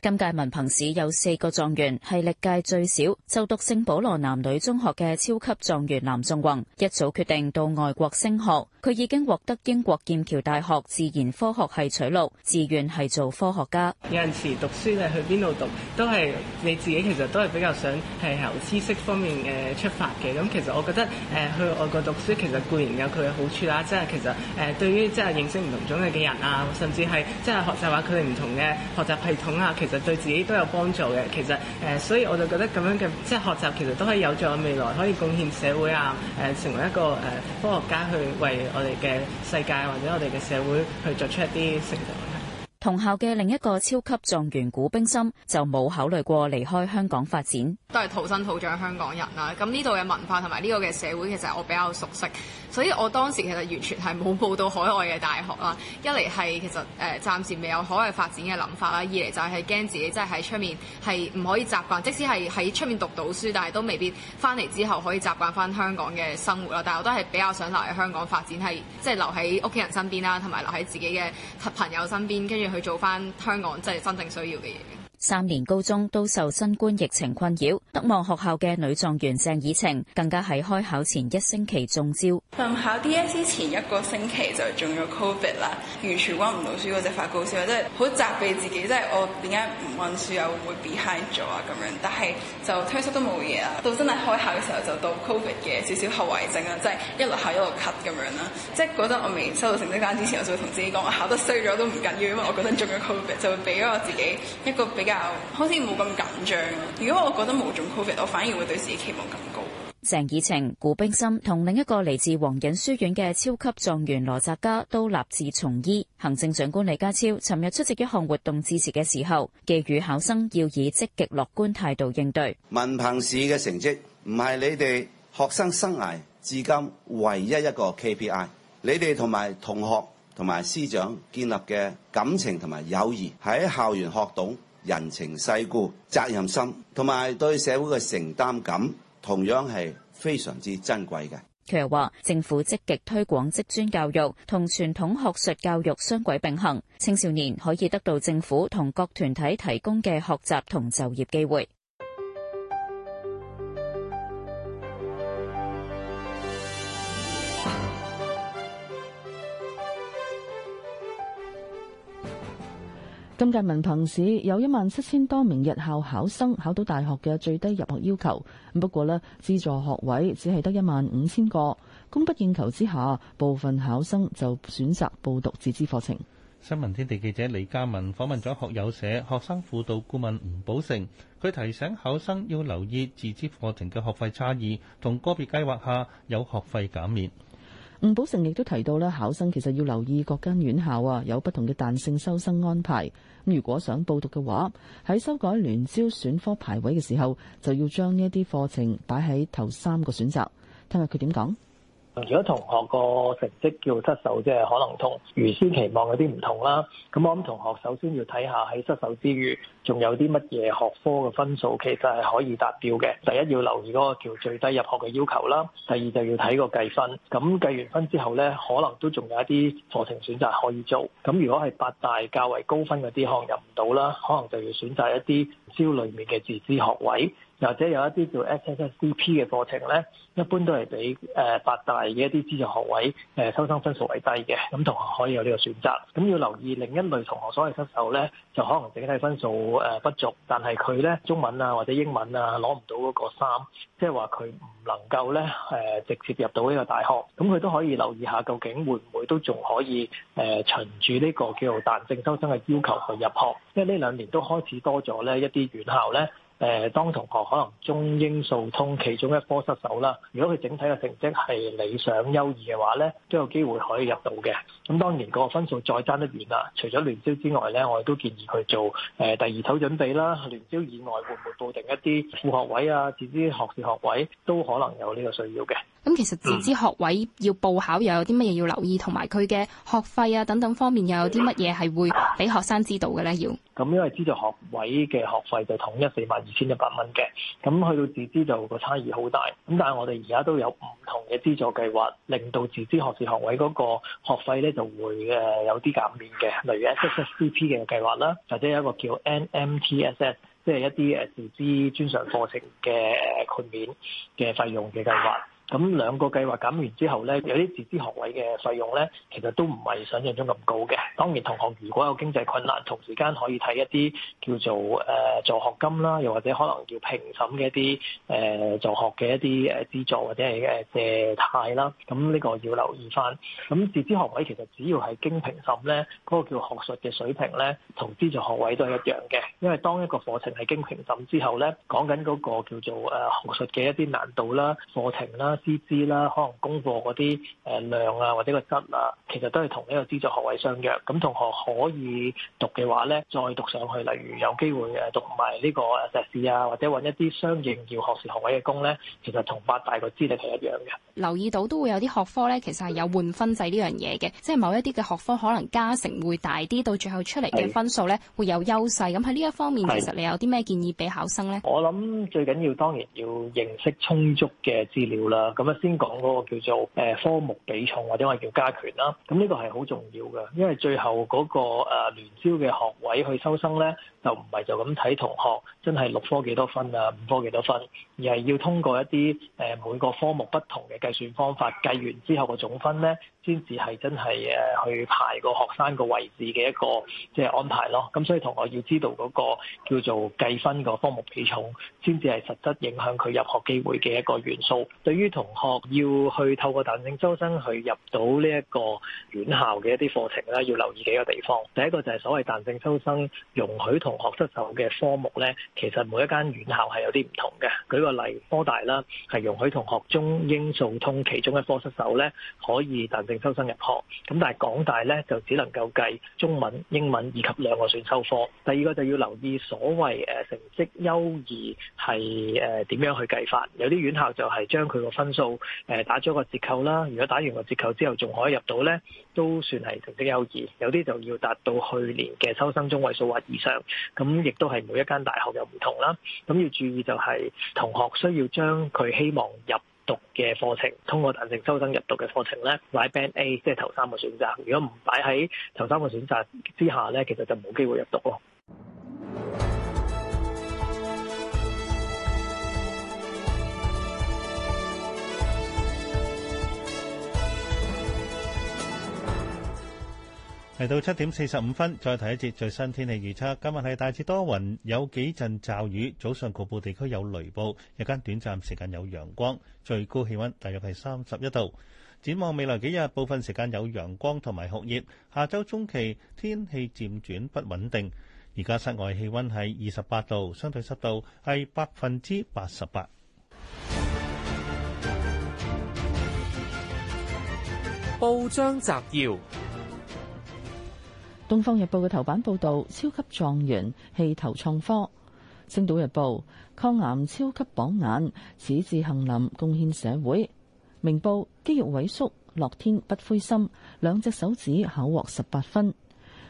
今屆文憑試有四個狀元，係歷屆最少。就讀聖保羅男女中學嘅超級狀元藍仲宏，一早決定到外國升學。佢已經獲得英國劍橋大學自然科學係取錄，志願係做科學家。有陣時讀書係去邊度讀，都係你自己，其實都係比較想係由知識方面出發嘅。咁其實我覺得，誒去外國讀書其實固然有佢嘅好處啦，即係其實誒對於即係認識唔同種類嘅人啊，甚至係即係學習話佢哋唔同嘅學習系統啊。其實對自己都有幫助嘅，其實誒，所以我就覺得咁樣嘅即係學習，其實都可以有助未來可以貢獻社會啊，呃、成為一個誒、呃、科學家去為我哋嘅世界或者我哋嘅社會去作出一啲成就。同校嘅另一個超級狀元古冰心就冇考慮過離開香港發展，都係土生土長香港人啦。咁呢度嘅文化同埋呢個嘅社會，其實我比較熟悉。所以我當時其實完全係冇報到海外嘅大學啦，一嚟係其實誒暫時未有海外發展嘅諗法啦，二嚟就係驚自己真係喺出面係唔可以習慣，即使係喺出面讀到書，但係都未必翻嚟之後可以習慣翻香港嘅生活啦。但係我都係比較想留喺香港發展，係即係留喺屋企人身邊啦，同埋留喺自己嘅朋友身邊，跟住去做翻香港即係真正需要嘅嘢。三年高中都受新冠疫情困擾，德望學校嘅女狀元鄭以晴更加喺開考前一星期中招。臨考啲嘢，之前一個星期就中咗 covid 啦，完全溫唔到書，嗰隻發高燒，即係好責備自己，即係我點解唔溫書又會 behind 咗啊？咁樣，但係就推書都冇嘢啊。到真係開考嘅時候就到 covid 嘅少少後遺症啊，即係一路考一路咳咁樣啦。即係嗰陣我未收到成績單之前，我就同自己講，我考得衰咗都唔緊要，因為我覺得中咗 covid 就會俾我自己一個俾。好似冇咁緊張，如果我覺得冇種 Covid，我反而會對自己期望更高。鄭以晴、古冰心同另一個嚟自黃隱書院嘅超級狀元羅澤嘉都立志從醫。行政長官李家超尋日出席一項活動致辭嘅時候，寄語考生要以積極樂觀態度應對文憑試嘅成績，唔係你哋學生生涯至今唯一一個 KPI。你哋同埋同學同埋師長建立嘅感情同埋友誼喺校園學懂人情世故、責任心同埋對社會嘅承擔感，同樣係非常之珍貴嘅。佢又話政府積極推廣職專教育，同傳統學術教育相軌並行，青少年可以得到政府同各團體提供嘅學習同就業機會。今屆文憑試有一萬七千多名日校考生考到大學嘅最低入學要求，不過呢，資助學位只係得一萬五千個，供不應求之下，部分考生就選擇報讀自資課程。新聞天地記者李嘉文訪問咗學友社學生輔導顧問吳寶成，佢提醒考生要留意自資課程嘅學費差異，同個別計劃下有學費減免。吳寶成亦都提到啦，考生其實要留意各間院校啊，有不同嘅彈性收生安排。咁如果想報讀嘅話，喺修改聯招選科排位嘅時候，就要將呢一啲課程擺喺頭三個選擇。聽下佢點講。如果同學個成績叫失手，即係可能同預先期望有啲唔同啦。咁我諗同學首先要睇下喺失手之餘，仲有啲乜嘢學科嘅分數其實係可以達標嘅。第一要留意嗰個叫最低入學嘅要求啦。第二就要睇個計分。咁計完分之後呢，可能都仲有一啲課程選擇可以做。咁如果係八大較為高分嗰啲，可能入唔到啦，可能就要選擇一啲招裏面嘅自資學位。或者有一啲叫 SSCP 嘅課程呢，一般都係比誒、呃、八大嘅一啲資助學位、呃、收生分數為低嘅，咁同學可以有呢個選擇。咁要留意另一類同學所謂失手呢，就可能整體分數誒、呃、不足，但係佢呢中文啊或者英文啊攞唔到嗰個三，即係話佢唔能夠呢誒、呃、直接入到呢個大學。咁佢都可以留意下究竟會唔會都仲可以誒、呃、循住呢個叫做彈性收生嘅要求去入學，因為呢兩年都開始多咗呢一啲院校呢。誒，當同學可能中英數通其中一科失手啦，如果佢整體嘅成績係理想優異嘅話咧，都有機會可以入到嘅。咁當然個分數再爭得遠啦，除咗聯招之外咧，我亦都建議佢做誒第二手準備啦。聯招以外會唔會報定一啲副學位啊，甚至學士學位都可能有呢個需要嘅。咁其實自資學位要報考，又有啲乜嘢要留意，同埋佢嘅學費啊等等方面又有啲乜嘢係會俾學生知道嘅咧？要，咁因為資助學位嘅學費就統一四萬二千一百蚊嘅，咁去到自資就個差異好大。咁但係我哋而家都有唔同嘅資助計劃，令到自資學士學位嗰個學費咧就會誒有啲減免嘅，例如 SSCP 嘅計劃啦，或者有一個叫 NMTSS，即係一啲誒自資專上課程嘅豁免嘅費用嘅計劃。咁兩個計劃減完之後咧，有啲自資學位嘅費用咧，其實都唔係想像中咁高嘅。當然同學，如果有經濟困難，同時間可以睇一啲叫做誒、呃、助學金啦，又或者可能叫評審嘅一啲誒、呃、助學嘅一啲誒資助，或者係誒借貸啦。咁呢個要留意返。咁自資學位其實只要係經評審咧，嗰、嗰個叫學術嘅水平咧，同資助學位都係一樣嘅。因為當一個課程係經評審之後咧，講緊嗰個叫做誒學術嘅一啲難度啦、課程啦。師資啦，可能功課嗰啲誒量啊，或者個質啊，其實都係同呢個資助學位相約。咁同學可以讀嘅話咧，再讀上去，例如有機會誒讀埋呢個碩士啊，或者搵一啲相應要學士學位嘅工咧，其實同八大個資歷係一樣嘅。留意到都會有啲學科咧，其實係有換分制呢樣嘢嘅，即係某一啲嘅學科可能加成會大啲，到最後出嚟嘅分數咧會有優勢。咁喺呢一方面，其實你有啲咩建議俾考生咧？我諗最緊要當然要認識充足嘅資料啦。咁樣先講嗰個叫做誒科目比重，或者我叫加權啦，咁呢個係好重要嘅，因為最後嗰個誒聯招嘅學位去收生咧。又唔係就咁睇同學真係六科幾多分啊，五科幾多分，而係要通過一啲誒每個科目不同嘅計算方法計完之後個總分咧，先至係真係誒去排個學生個位置嘅一個即係安排咯。咁所以同學要知道嗰個叫做計分個科目比重，先至係實質影響佢入學機會嘅一個元素。對於同學要去透過彈性招生去入到呢一個院校嘅一啲課程咧，要留意幾個地方。第一個就係所謂彈性招生容許同學學失守嘅科目呢，其實每一間院校係有啲唔同嘅。舉個例，科大啦，係容許同學中英數通其中一科失守呢，可以彈性收生入學。咁但係港大呢，就只能夠計中文、英文以及兩個選修科。第二個就要留意所謂誒成績優異係誒點樣去計法。有啲院校就係將佢個分數誒打咗個折扣啦。如果打完個折扣之後仲可以入到呢，都算係成績優異。有啲就要達到去年嘅收生中位數或以上。咁亦都係每一間大學又唔同啦，咁要注意就係同學需要將佢希望入讀嘅課程，通過彈性收生入讀嘅課程呢，擺 Band A，即係頭三個選擇。如果唔擺喺頭三個選擇之下呢，其實就冇機會入讀咯。嚟到七點四十五分，再睇一節最新天氣預測。今日係大致多雲，有幾陣驟雨，早上局部地區有雷暴，日間短暫時間有陽光，最高氣溫大約係三十一度。展望未來幾日，部分時間有陽光同埋酷熱。下周中期天氣漸轉不穩定。而家室外氣溫係二十八度，相對濕度係百分之八十八。報章摘要。《東方日報》嘅頭版報道：超級狀元棄投創科，《星島日報》抗癌超級榜眼矢志杏林貢獻社會，《明報》肌肉萎縮樂天不灰心，兩隻手指考獲十八分，《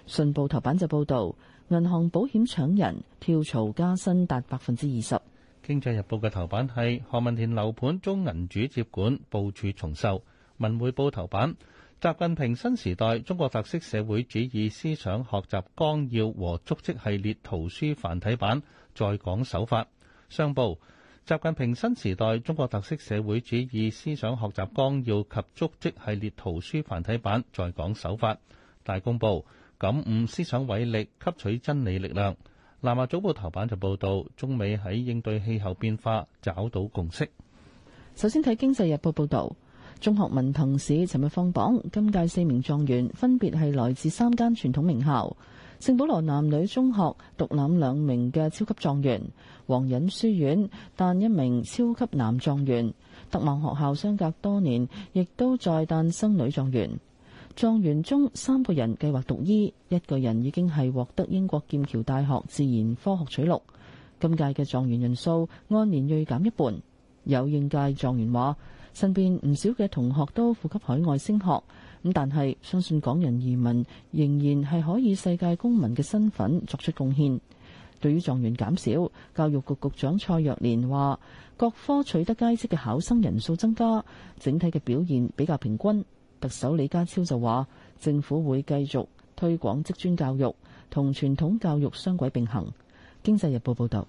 信報》頭版就報道銀行保險搶人跳槽加薪達百分之二十，《經濟日報》嘅頭版係何文田樓盤中銀主接管部署重售，《文匯報》頭版。習近平新時代中國特色社會主義思想學習綱要和足跡系列圖書繁體版在港首發，商報；習近平新時代中國特色社會主義思想學習綱要及足跡系列圖書繁體版在港首發，大公報；感悟思想偉力，吸取真理力量。南華早報頭版就報道中美喺應對氣候變化找到共識。首先睇經濟日報報道。中學文憑試尋日放榜，今屆四名狀元分別係來自三間傳統名校聖保羅男女中學獨攬兩名嘅超級狀元，皇仁書院但一名超級男狀元，德望學校相隔多年亦都再誕生女狀元。狀元中三個人計劃讀醫，一個人已經係獲得英國劍橋大學自然科學取錄。今屆嘅狀元人數按年銳減一半，有應屆狀元話。身邊唔少嘅同學都負笈海外升學，咁但係相信港人移民仍然係可以，以世界公民嘅身份作出貢獻。對於狀元減少，教育局局長蔡若蓮話：各科取得佳績嘅考生人數增加，整體嘅表現比較平均。特首李家超就話：政府會繼續推廣職專教育，同傳統教育相軌並行。經濟日報報道。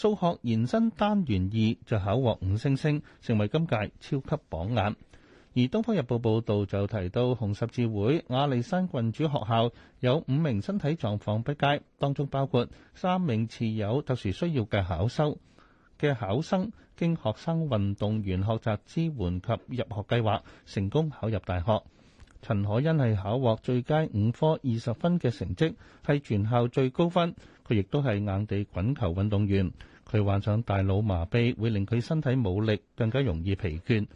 數學延伸單元二就考獲五星星，成為今屆超級榜眼。而《東方日報》報導就提到，紅十字會雅麗珊郡主學校有五名身體狀況不佳，當中包括三名持有特殊需要嘅考生嘅考生，經學生運動員學習支援及入學計劃成功考入大學。陳可欣係考獲最佳五科二十分嘅成績，係全校最高分。佢亦都係硬地滾球運動員。佢患上大腦麻痹，會令佢身體冇力，更加容易疲倦。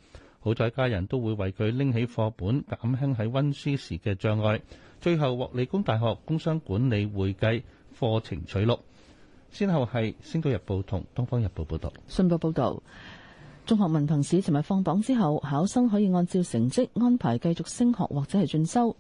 好在家人都會為佢拎起課本，減輕喺溫書時嘅障礙。最後獲理工大學工商管理會計課程取錄。先後係《星島日報》同《東方日報》報道。信報報道。中學文憑試尋日放榜之後，考生可以按照成績安排繼續升學或者係進修。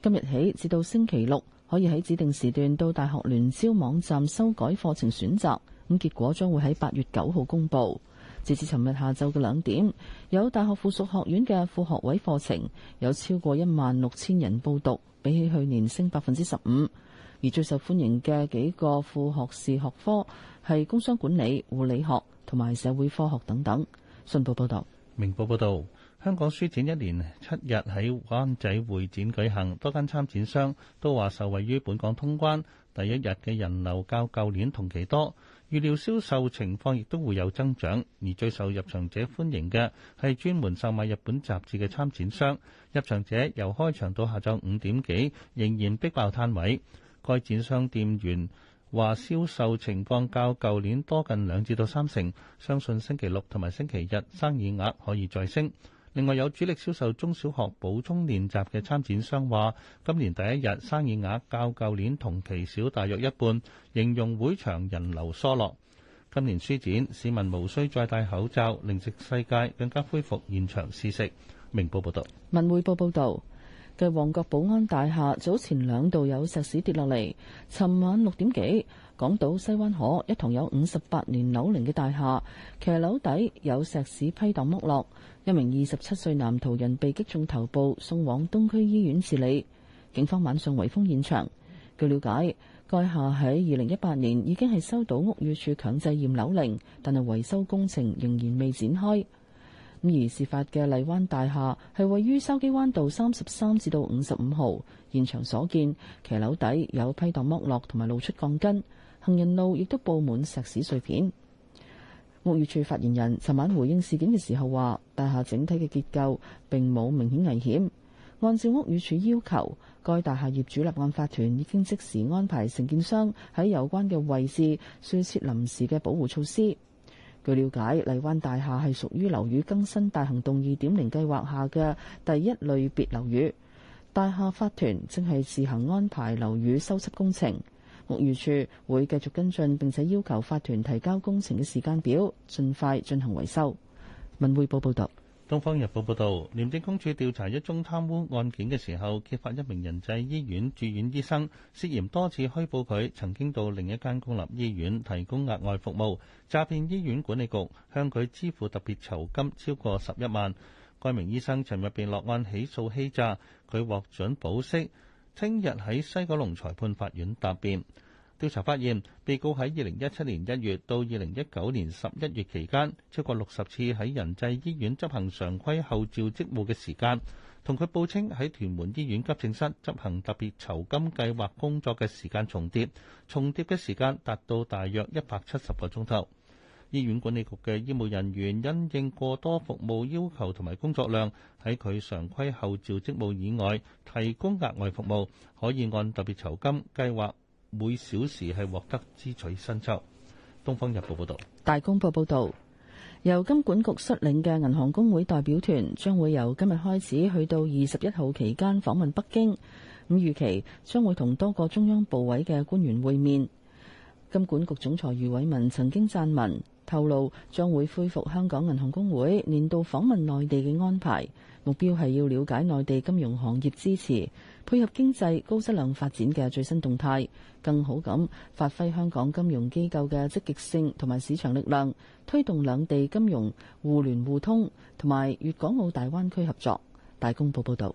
今日起至到星期六，可以喺指定時段到大學聯招網站修改課程選擇。咁結果將會喺八月九號公佈。截至尋日下晝嘅兩點，有大學附屬學院嘅副學位課程有超過一萬六千人報讀，比起去年升百分之十五。而最受歡迎嘅幾個副學士學科係工商管理、護理學同埋社會科學等等。信報報道：明報報道，香港書展一連七日喺灣仔會展舉行，多間參展商都話受惠於本港通關，第一日嘅人流較舊年同期多，預料銷售情況亦都會有增長。而最受入場者歡迎嘅係專門售賣日本雜誌嘅參展商，入場者由開場到下晝五點幾仍然逼爆攤位，該展商店員話銷售情況較舊年多近兩至到三成，相信星期六同埋星期日生意額可以再升。另外，有主力銷售中小學補充練習嘅參展商話，今年第一日生意額較舊年同期少大約一半，形容會場人流疏落。今年書展市民無需再戴口罩，零食世界更加恢復現場試食。明報報道。文嘅旺角保安大廈早前兩度有石屎跌落嚟。尋晚六點幾，港島西灣河一幢有五十八年樓齡嘅大廈，騎樓底有石屎批盪剝落，一名二十七歲男途人被擊中頭部，送往東區醫院治理，警方晚上圍封現場。據了解，該廈喺二零一八年已經係收到屋宇處強制驗樓令，但係維修工程仍然未展開。而事發嘅荔灣大廈係位於筲箕灣道三十三至到五十五號，現場所見，騎樓底有批盪剝落同埋露出鋼筋，行人路亦都佈滿石屎碎片。屋宇署發言人尋晚回應事件嘅時候話，大廈整體嘅結構並冇明顯危險。按照屋宇署要求，該大廈業主立案法團已經即時安排承建商喺有關嘅位置設置臨時嘅保護措施。據了解，荔灣大廈係屬於樓宇更新大行動二點零計劃下嘅第一類別樓宇，大廈法團正係自行安排樓宇修葺工程，屋宇署會繼續跟進，並且要求法團提交工程嘅時間表，盡快進行維修。文匯報報道。《東方日報》報道，廉政公署調查一宗貪污案件嘅時候，揭發一名仁濟醫院住院醫生涉嫌多次虛報佢曾經到另一間公立醫院提供額外服務，詐騙醫院管理局向佢支付特別酬金超過十一萬。該名醫生尋日被落案起訴欺詐，佢獲准保釋，聽日喺西九龍裁判法院答辯。調查發現，被告喺二零一七年一月到二零一九年十一月期間，超過六十次喺仁濟醫院執行常規候召職務嘅時間，同佢報稱喺屯門醫院急診室執行特別酬金計劃工作嘅時間重疊，重疊嘅時間達到大約一百七十個鐘頭。醫院管理局嘅醫務人員因應過多服務要求同埋工作量，喺佢常規候召職務以外提供額外服務，可以按特別酬金計劃。每小時係獲得支取薪酬。《東方日報》報道，《大公報》報道，由金管局率領嘅銀行公會代表團將會由今日開始去到二十一號期間訪問北京。咁預期將會同多個中央部委嘅官員會面。金管局總裁余偉文曾經撰文透露將會恢復香港銀行公會年度訪問內地嘅安排。目標係要了解內地金融行業支持，配合經濟高質量發展嘅最新動態，更好咁發揮香港金融機構嘅積極性同埋市場力量，推動兩地金融互聯互通同埋粵港澳大灣區合作。大公報報道。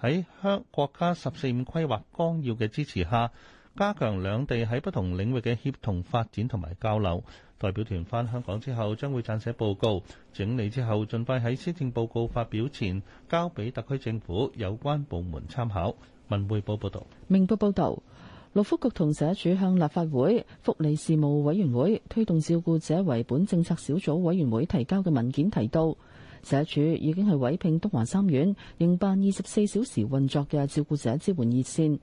喺香國家十四五規劃綱要嘅支持下，加強兩地喺不同領域嘅協同發展同埋交流。代表團翻香港之後，將會撰寫報告，整理之後，盡快喺施政報告發表前交俾特區政府有關部門參考。文匯報報道。明報報道，勞福局同社署向立法會福利事務委員會推動照顧者為本政策小組委員會提交嘅文件提到。社署已經係委聘東華三院，營辦二十四小時運作嘅照顧者支援熱線。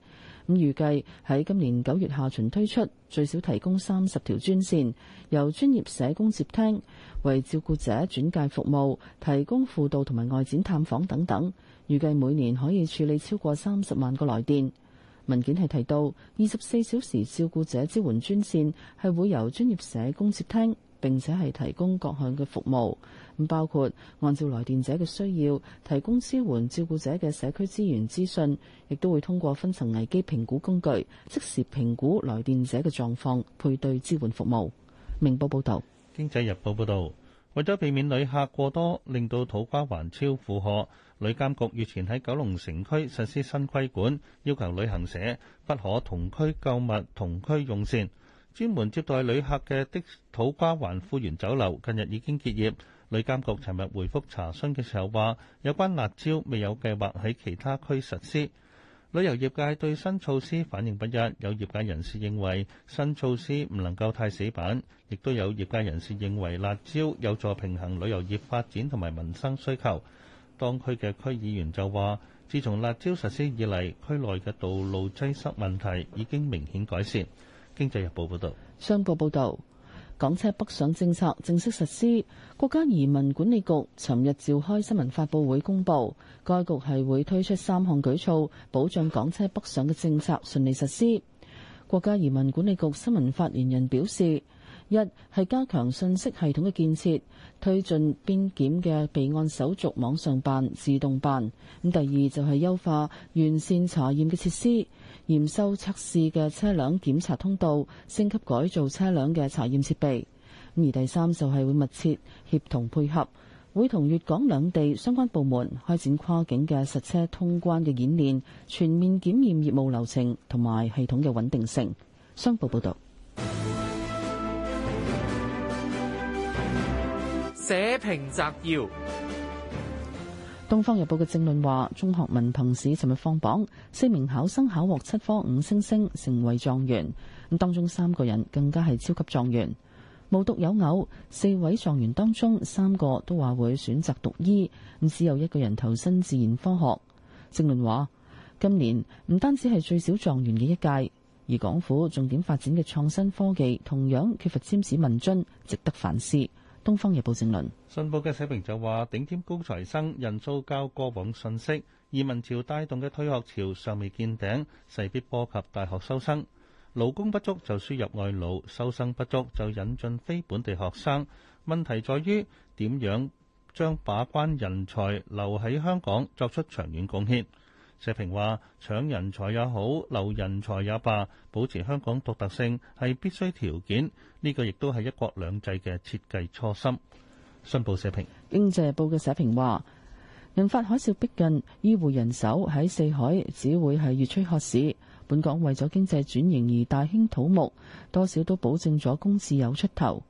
咁預計喺今年九月下旬推出，最少提供三十條專線，由專業社工接聽，為照顧者轉介服務，提供輔導同埋外展探訪等等。預計每年可以處理超過三十萬個來電。文件係提到，二十四小時照顧者支援專線係會由專業社工接聽，並且係提供各項嘅服務。包括按照來電者嘅需要，提供支援照顧者嘅社區資源資訊。亦都會通過分層危機評估工具，即時評估來電者嘅狀況，配對支援服務。明報報道，《經濟日報》報道，為咗避免旅客過多，令到土瓜灣超負荷，旅監局月前喺九龍城區實施新規管，要求旅行社不可同區購物、同區用膳。專門接待旅客嘅的，的土瓜灣富源酒樓近日已經結業。旅監局尋日回覆查詢嘅時候話，有關辣椒未有計劃喺其他區實施。旅遊業界對新措施反應不一，有業界人士認為新措施唔能夠太死板，亦都有業界人士認為辣椒有助平衡旅遊業發展同埋民生需求。當區嘅區議員就話，自從辣椒實施以嚟，區內嘅道路擠塞問題已經明顯改善。經濟日報報道。商報報道。港車北上政策正式實施，國家移民管理局尋日召開新聞發佈會公佈，該局係會推出三項舉措，保障港車北上嘅政策順利實施。國家移民管理局新聞發言人表示，一係加強信息系統嘅建設，推進邊檢嘅備案手續網上辦、自動辦；咁第二就係優化完善查驗嘅設施。驗收測試嘅車輛檢查通道，升級改造車輛嘅查驗設備。而第三就係會密切協同配合，會同粵港兩地相關部門開展跨境嘅實車通關嘅演練，全面檢驗業務流程同埋系統嘅穩定性。商報報道。社評摘要。《東方日報》嘅正論話，中學文憑試尋日放榜，四名考生考獲七科五星星，成為狀元。咁當中三個人更加係超級狀元，無獨有偶，四位狀元當中三個都話會選擇讀醫，咁只有一個人投身自然科學。正論話，今年唔單止係最少狀元嘅一屆，而港府重點發展嘅創新科技同樣缺乏尖子問津，值得反思。《東方日報正論》政論信報嘅社評就話：頂尖高材生人數較過往信息，移民潮帶動嘅退學潮尚未見頂，勢必波及大學收生。勞工不足就輸入外勞，收生不足就引進非本地學生。問題在於點樣將把關人才留喺香港，作出長遠貢獻。社評話：搶人才也好，留人才也罷，保持香港獨特性係必須條件。呢、這個亦都係一國兩制嘅設計初心。新報社評經濟報嘅社評話：人發海嘯逼近，醫護人手喺四海，只會係越趨渴市。本港為咗經濟轉型而大興土木，多少都保證咗公事有出頭。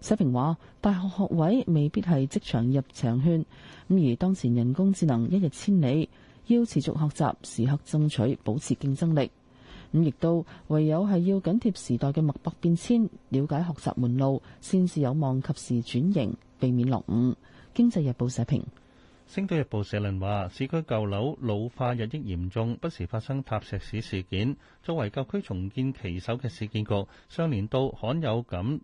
社評話：大學學位未必係職場入場券，咁而當前人工智能一日千里。要持續學習，時刻爭取保持競爭力。咁亦都唯有係要緊貼時代嘅脈搏變遷，了解學習門路，先至有望及時轉型，避免落伍。經濟日報社評，星島日報社論話：市區舊樓老化日益嚴重，不時發生塌石屎事件。作為舊區重建旗手嘅市建局，上年度罕有咁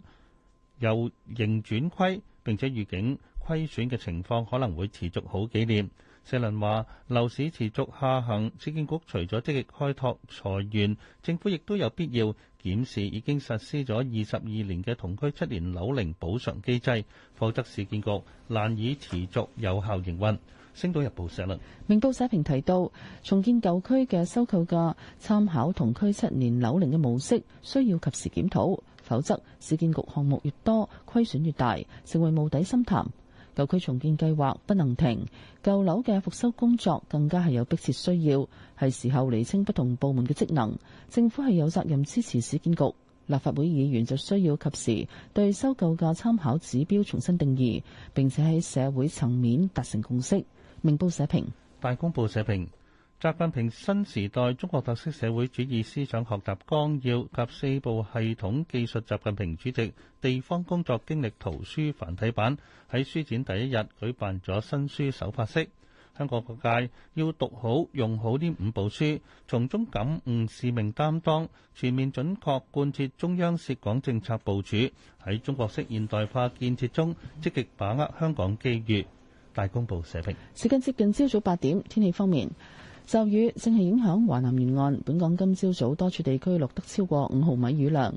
由盈轉虧，並且預警虧損嘅情況可能會持續好幾年。社論話：樓市持續下行，市建局除咗積極開拓財源，政府亦都有必要檢視已經實施咗二十二年嘅同區七年樓齡補償機制，否則市建局難以持續有效營運。星島日報社論，明報社評提到，重建舊區嘅收購價參考同區七年樓齡嘅模式，需要及時檢討，否則市建局項目越多，虧損越大，成為無底深潭。舊區重建計劃不能停，舊樓嘅復修工作更加係有迫切需要，係時候釐清不同部門嘅職能。政府係有責任支持市建局，立法會議員就需要及時對收購價參考指標重新定義，並且喺社會層面達成共識。明報社評、大公報社評。習近平新時代中國特色社會主義思想學習綱要及四部系統記述習近平主席地方工作經歷圖書繁體版喺書展第一日舉辦咗新書首發式。香港各界要讀好、用好呢五部書，從中感悟使命擔當，全面準確貫徹中央涉港政策部署，在中國式現代化建設中積極把握香港機遇。大公報社評。時間接近朝早八點，天氣方面。驟雨正係影響華南沿岸，本港今朝早多處地區錄得超過五毫米雨量。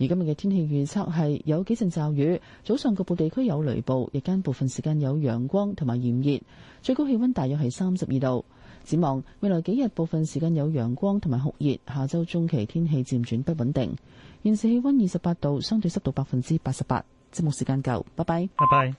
而今日嘅天氣預測係有幾陣驟雨，早上局部地區有雷暴，日間部分時間有陽光同埋炎熱，最高氣溫大約係三十二度。展望未來幾日部分時間有陽光同埋酷熱，下周中期天氣漸轉不穩定。現時氣溫二十八度，相對濕度百分之八十八。節目時間夠，拜拜，拜拜。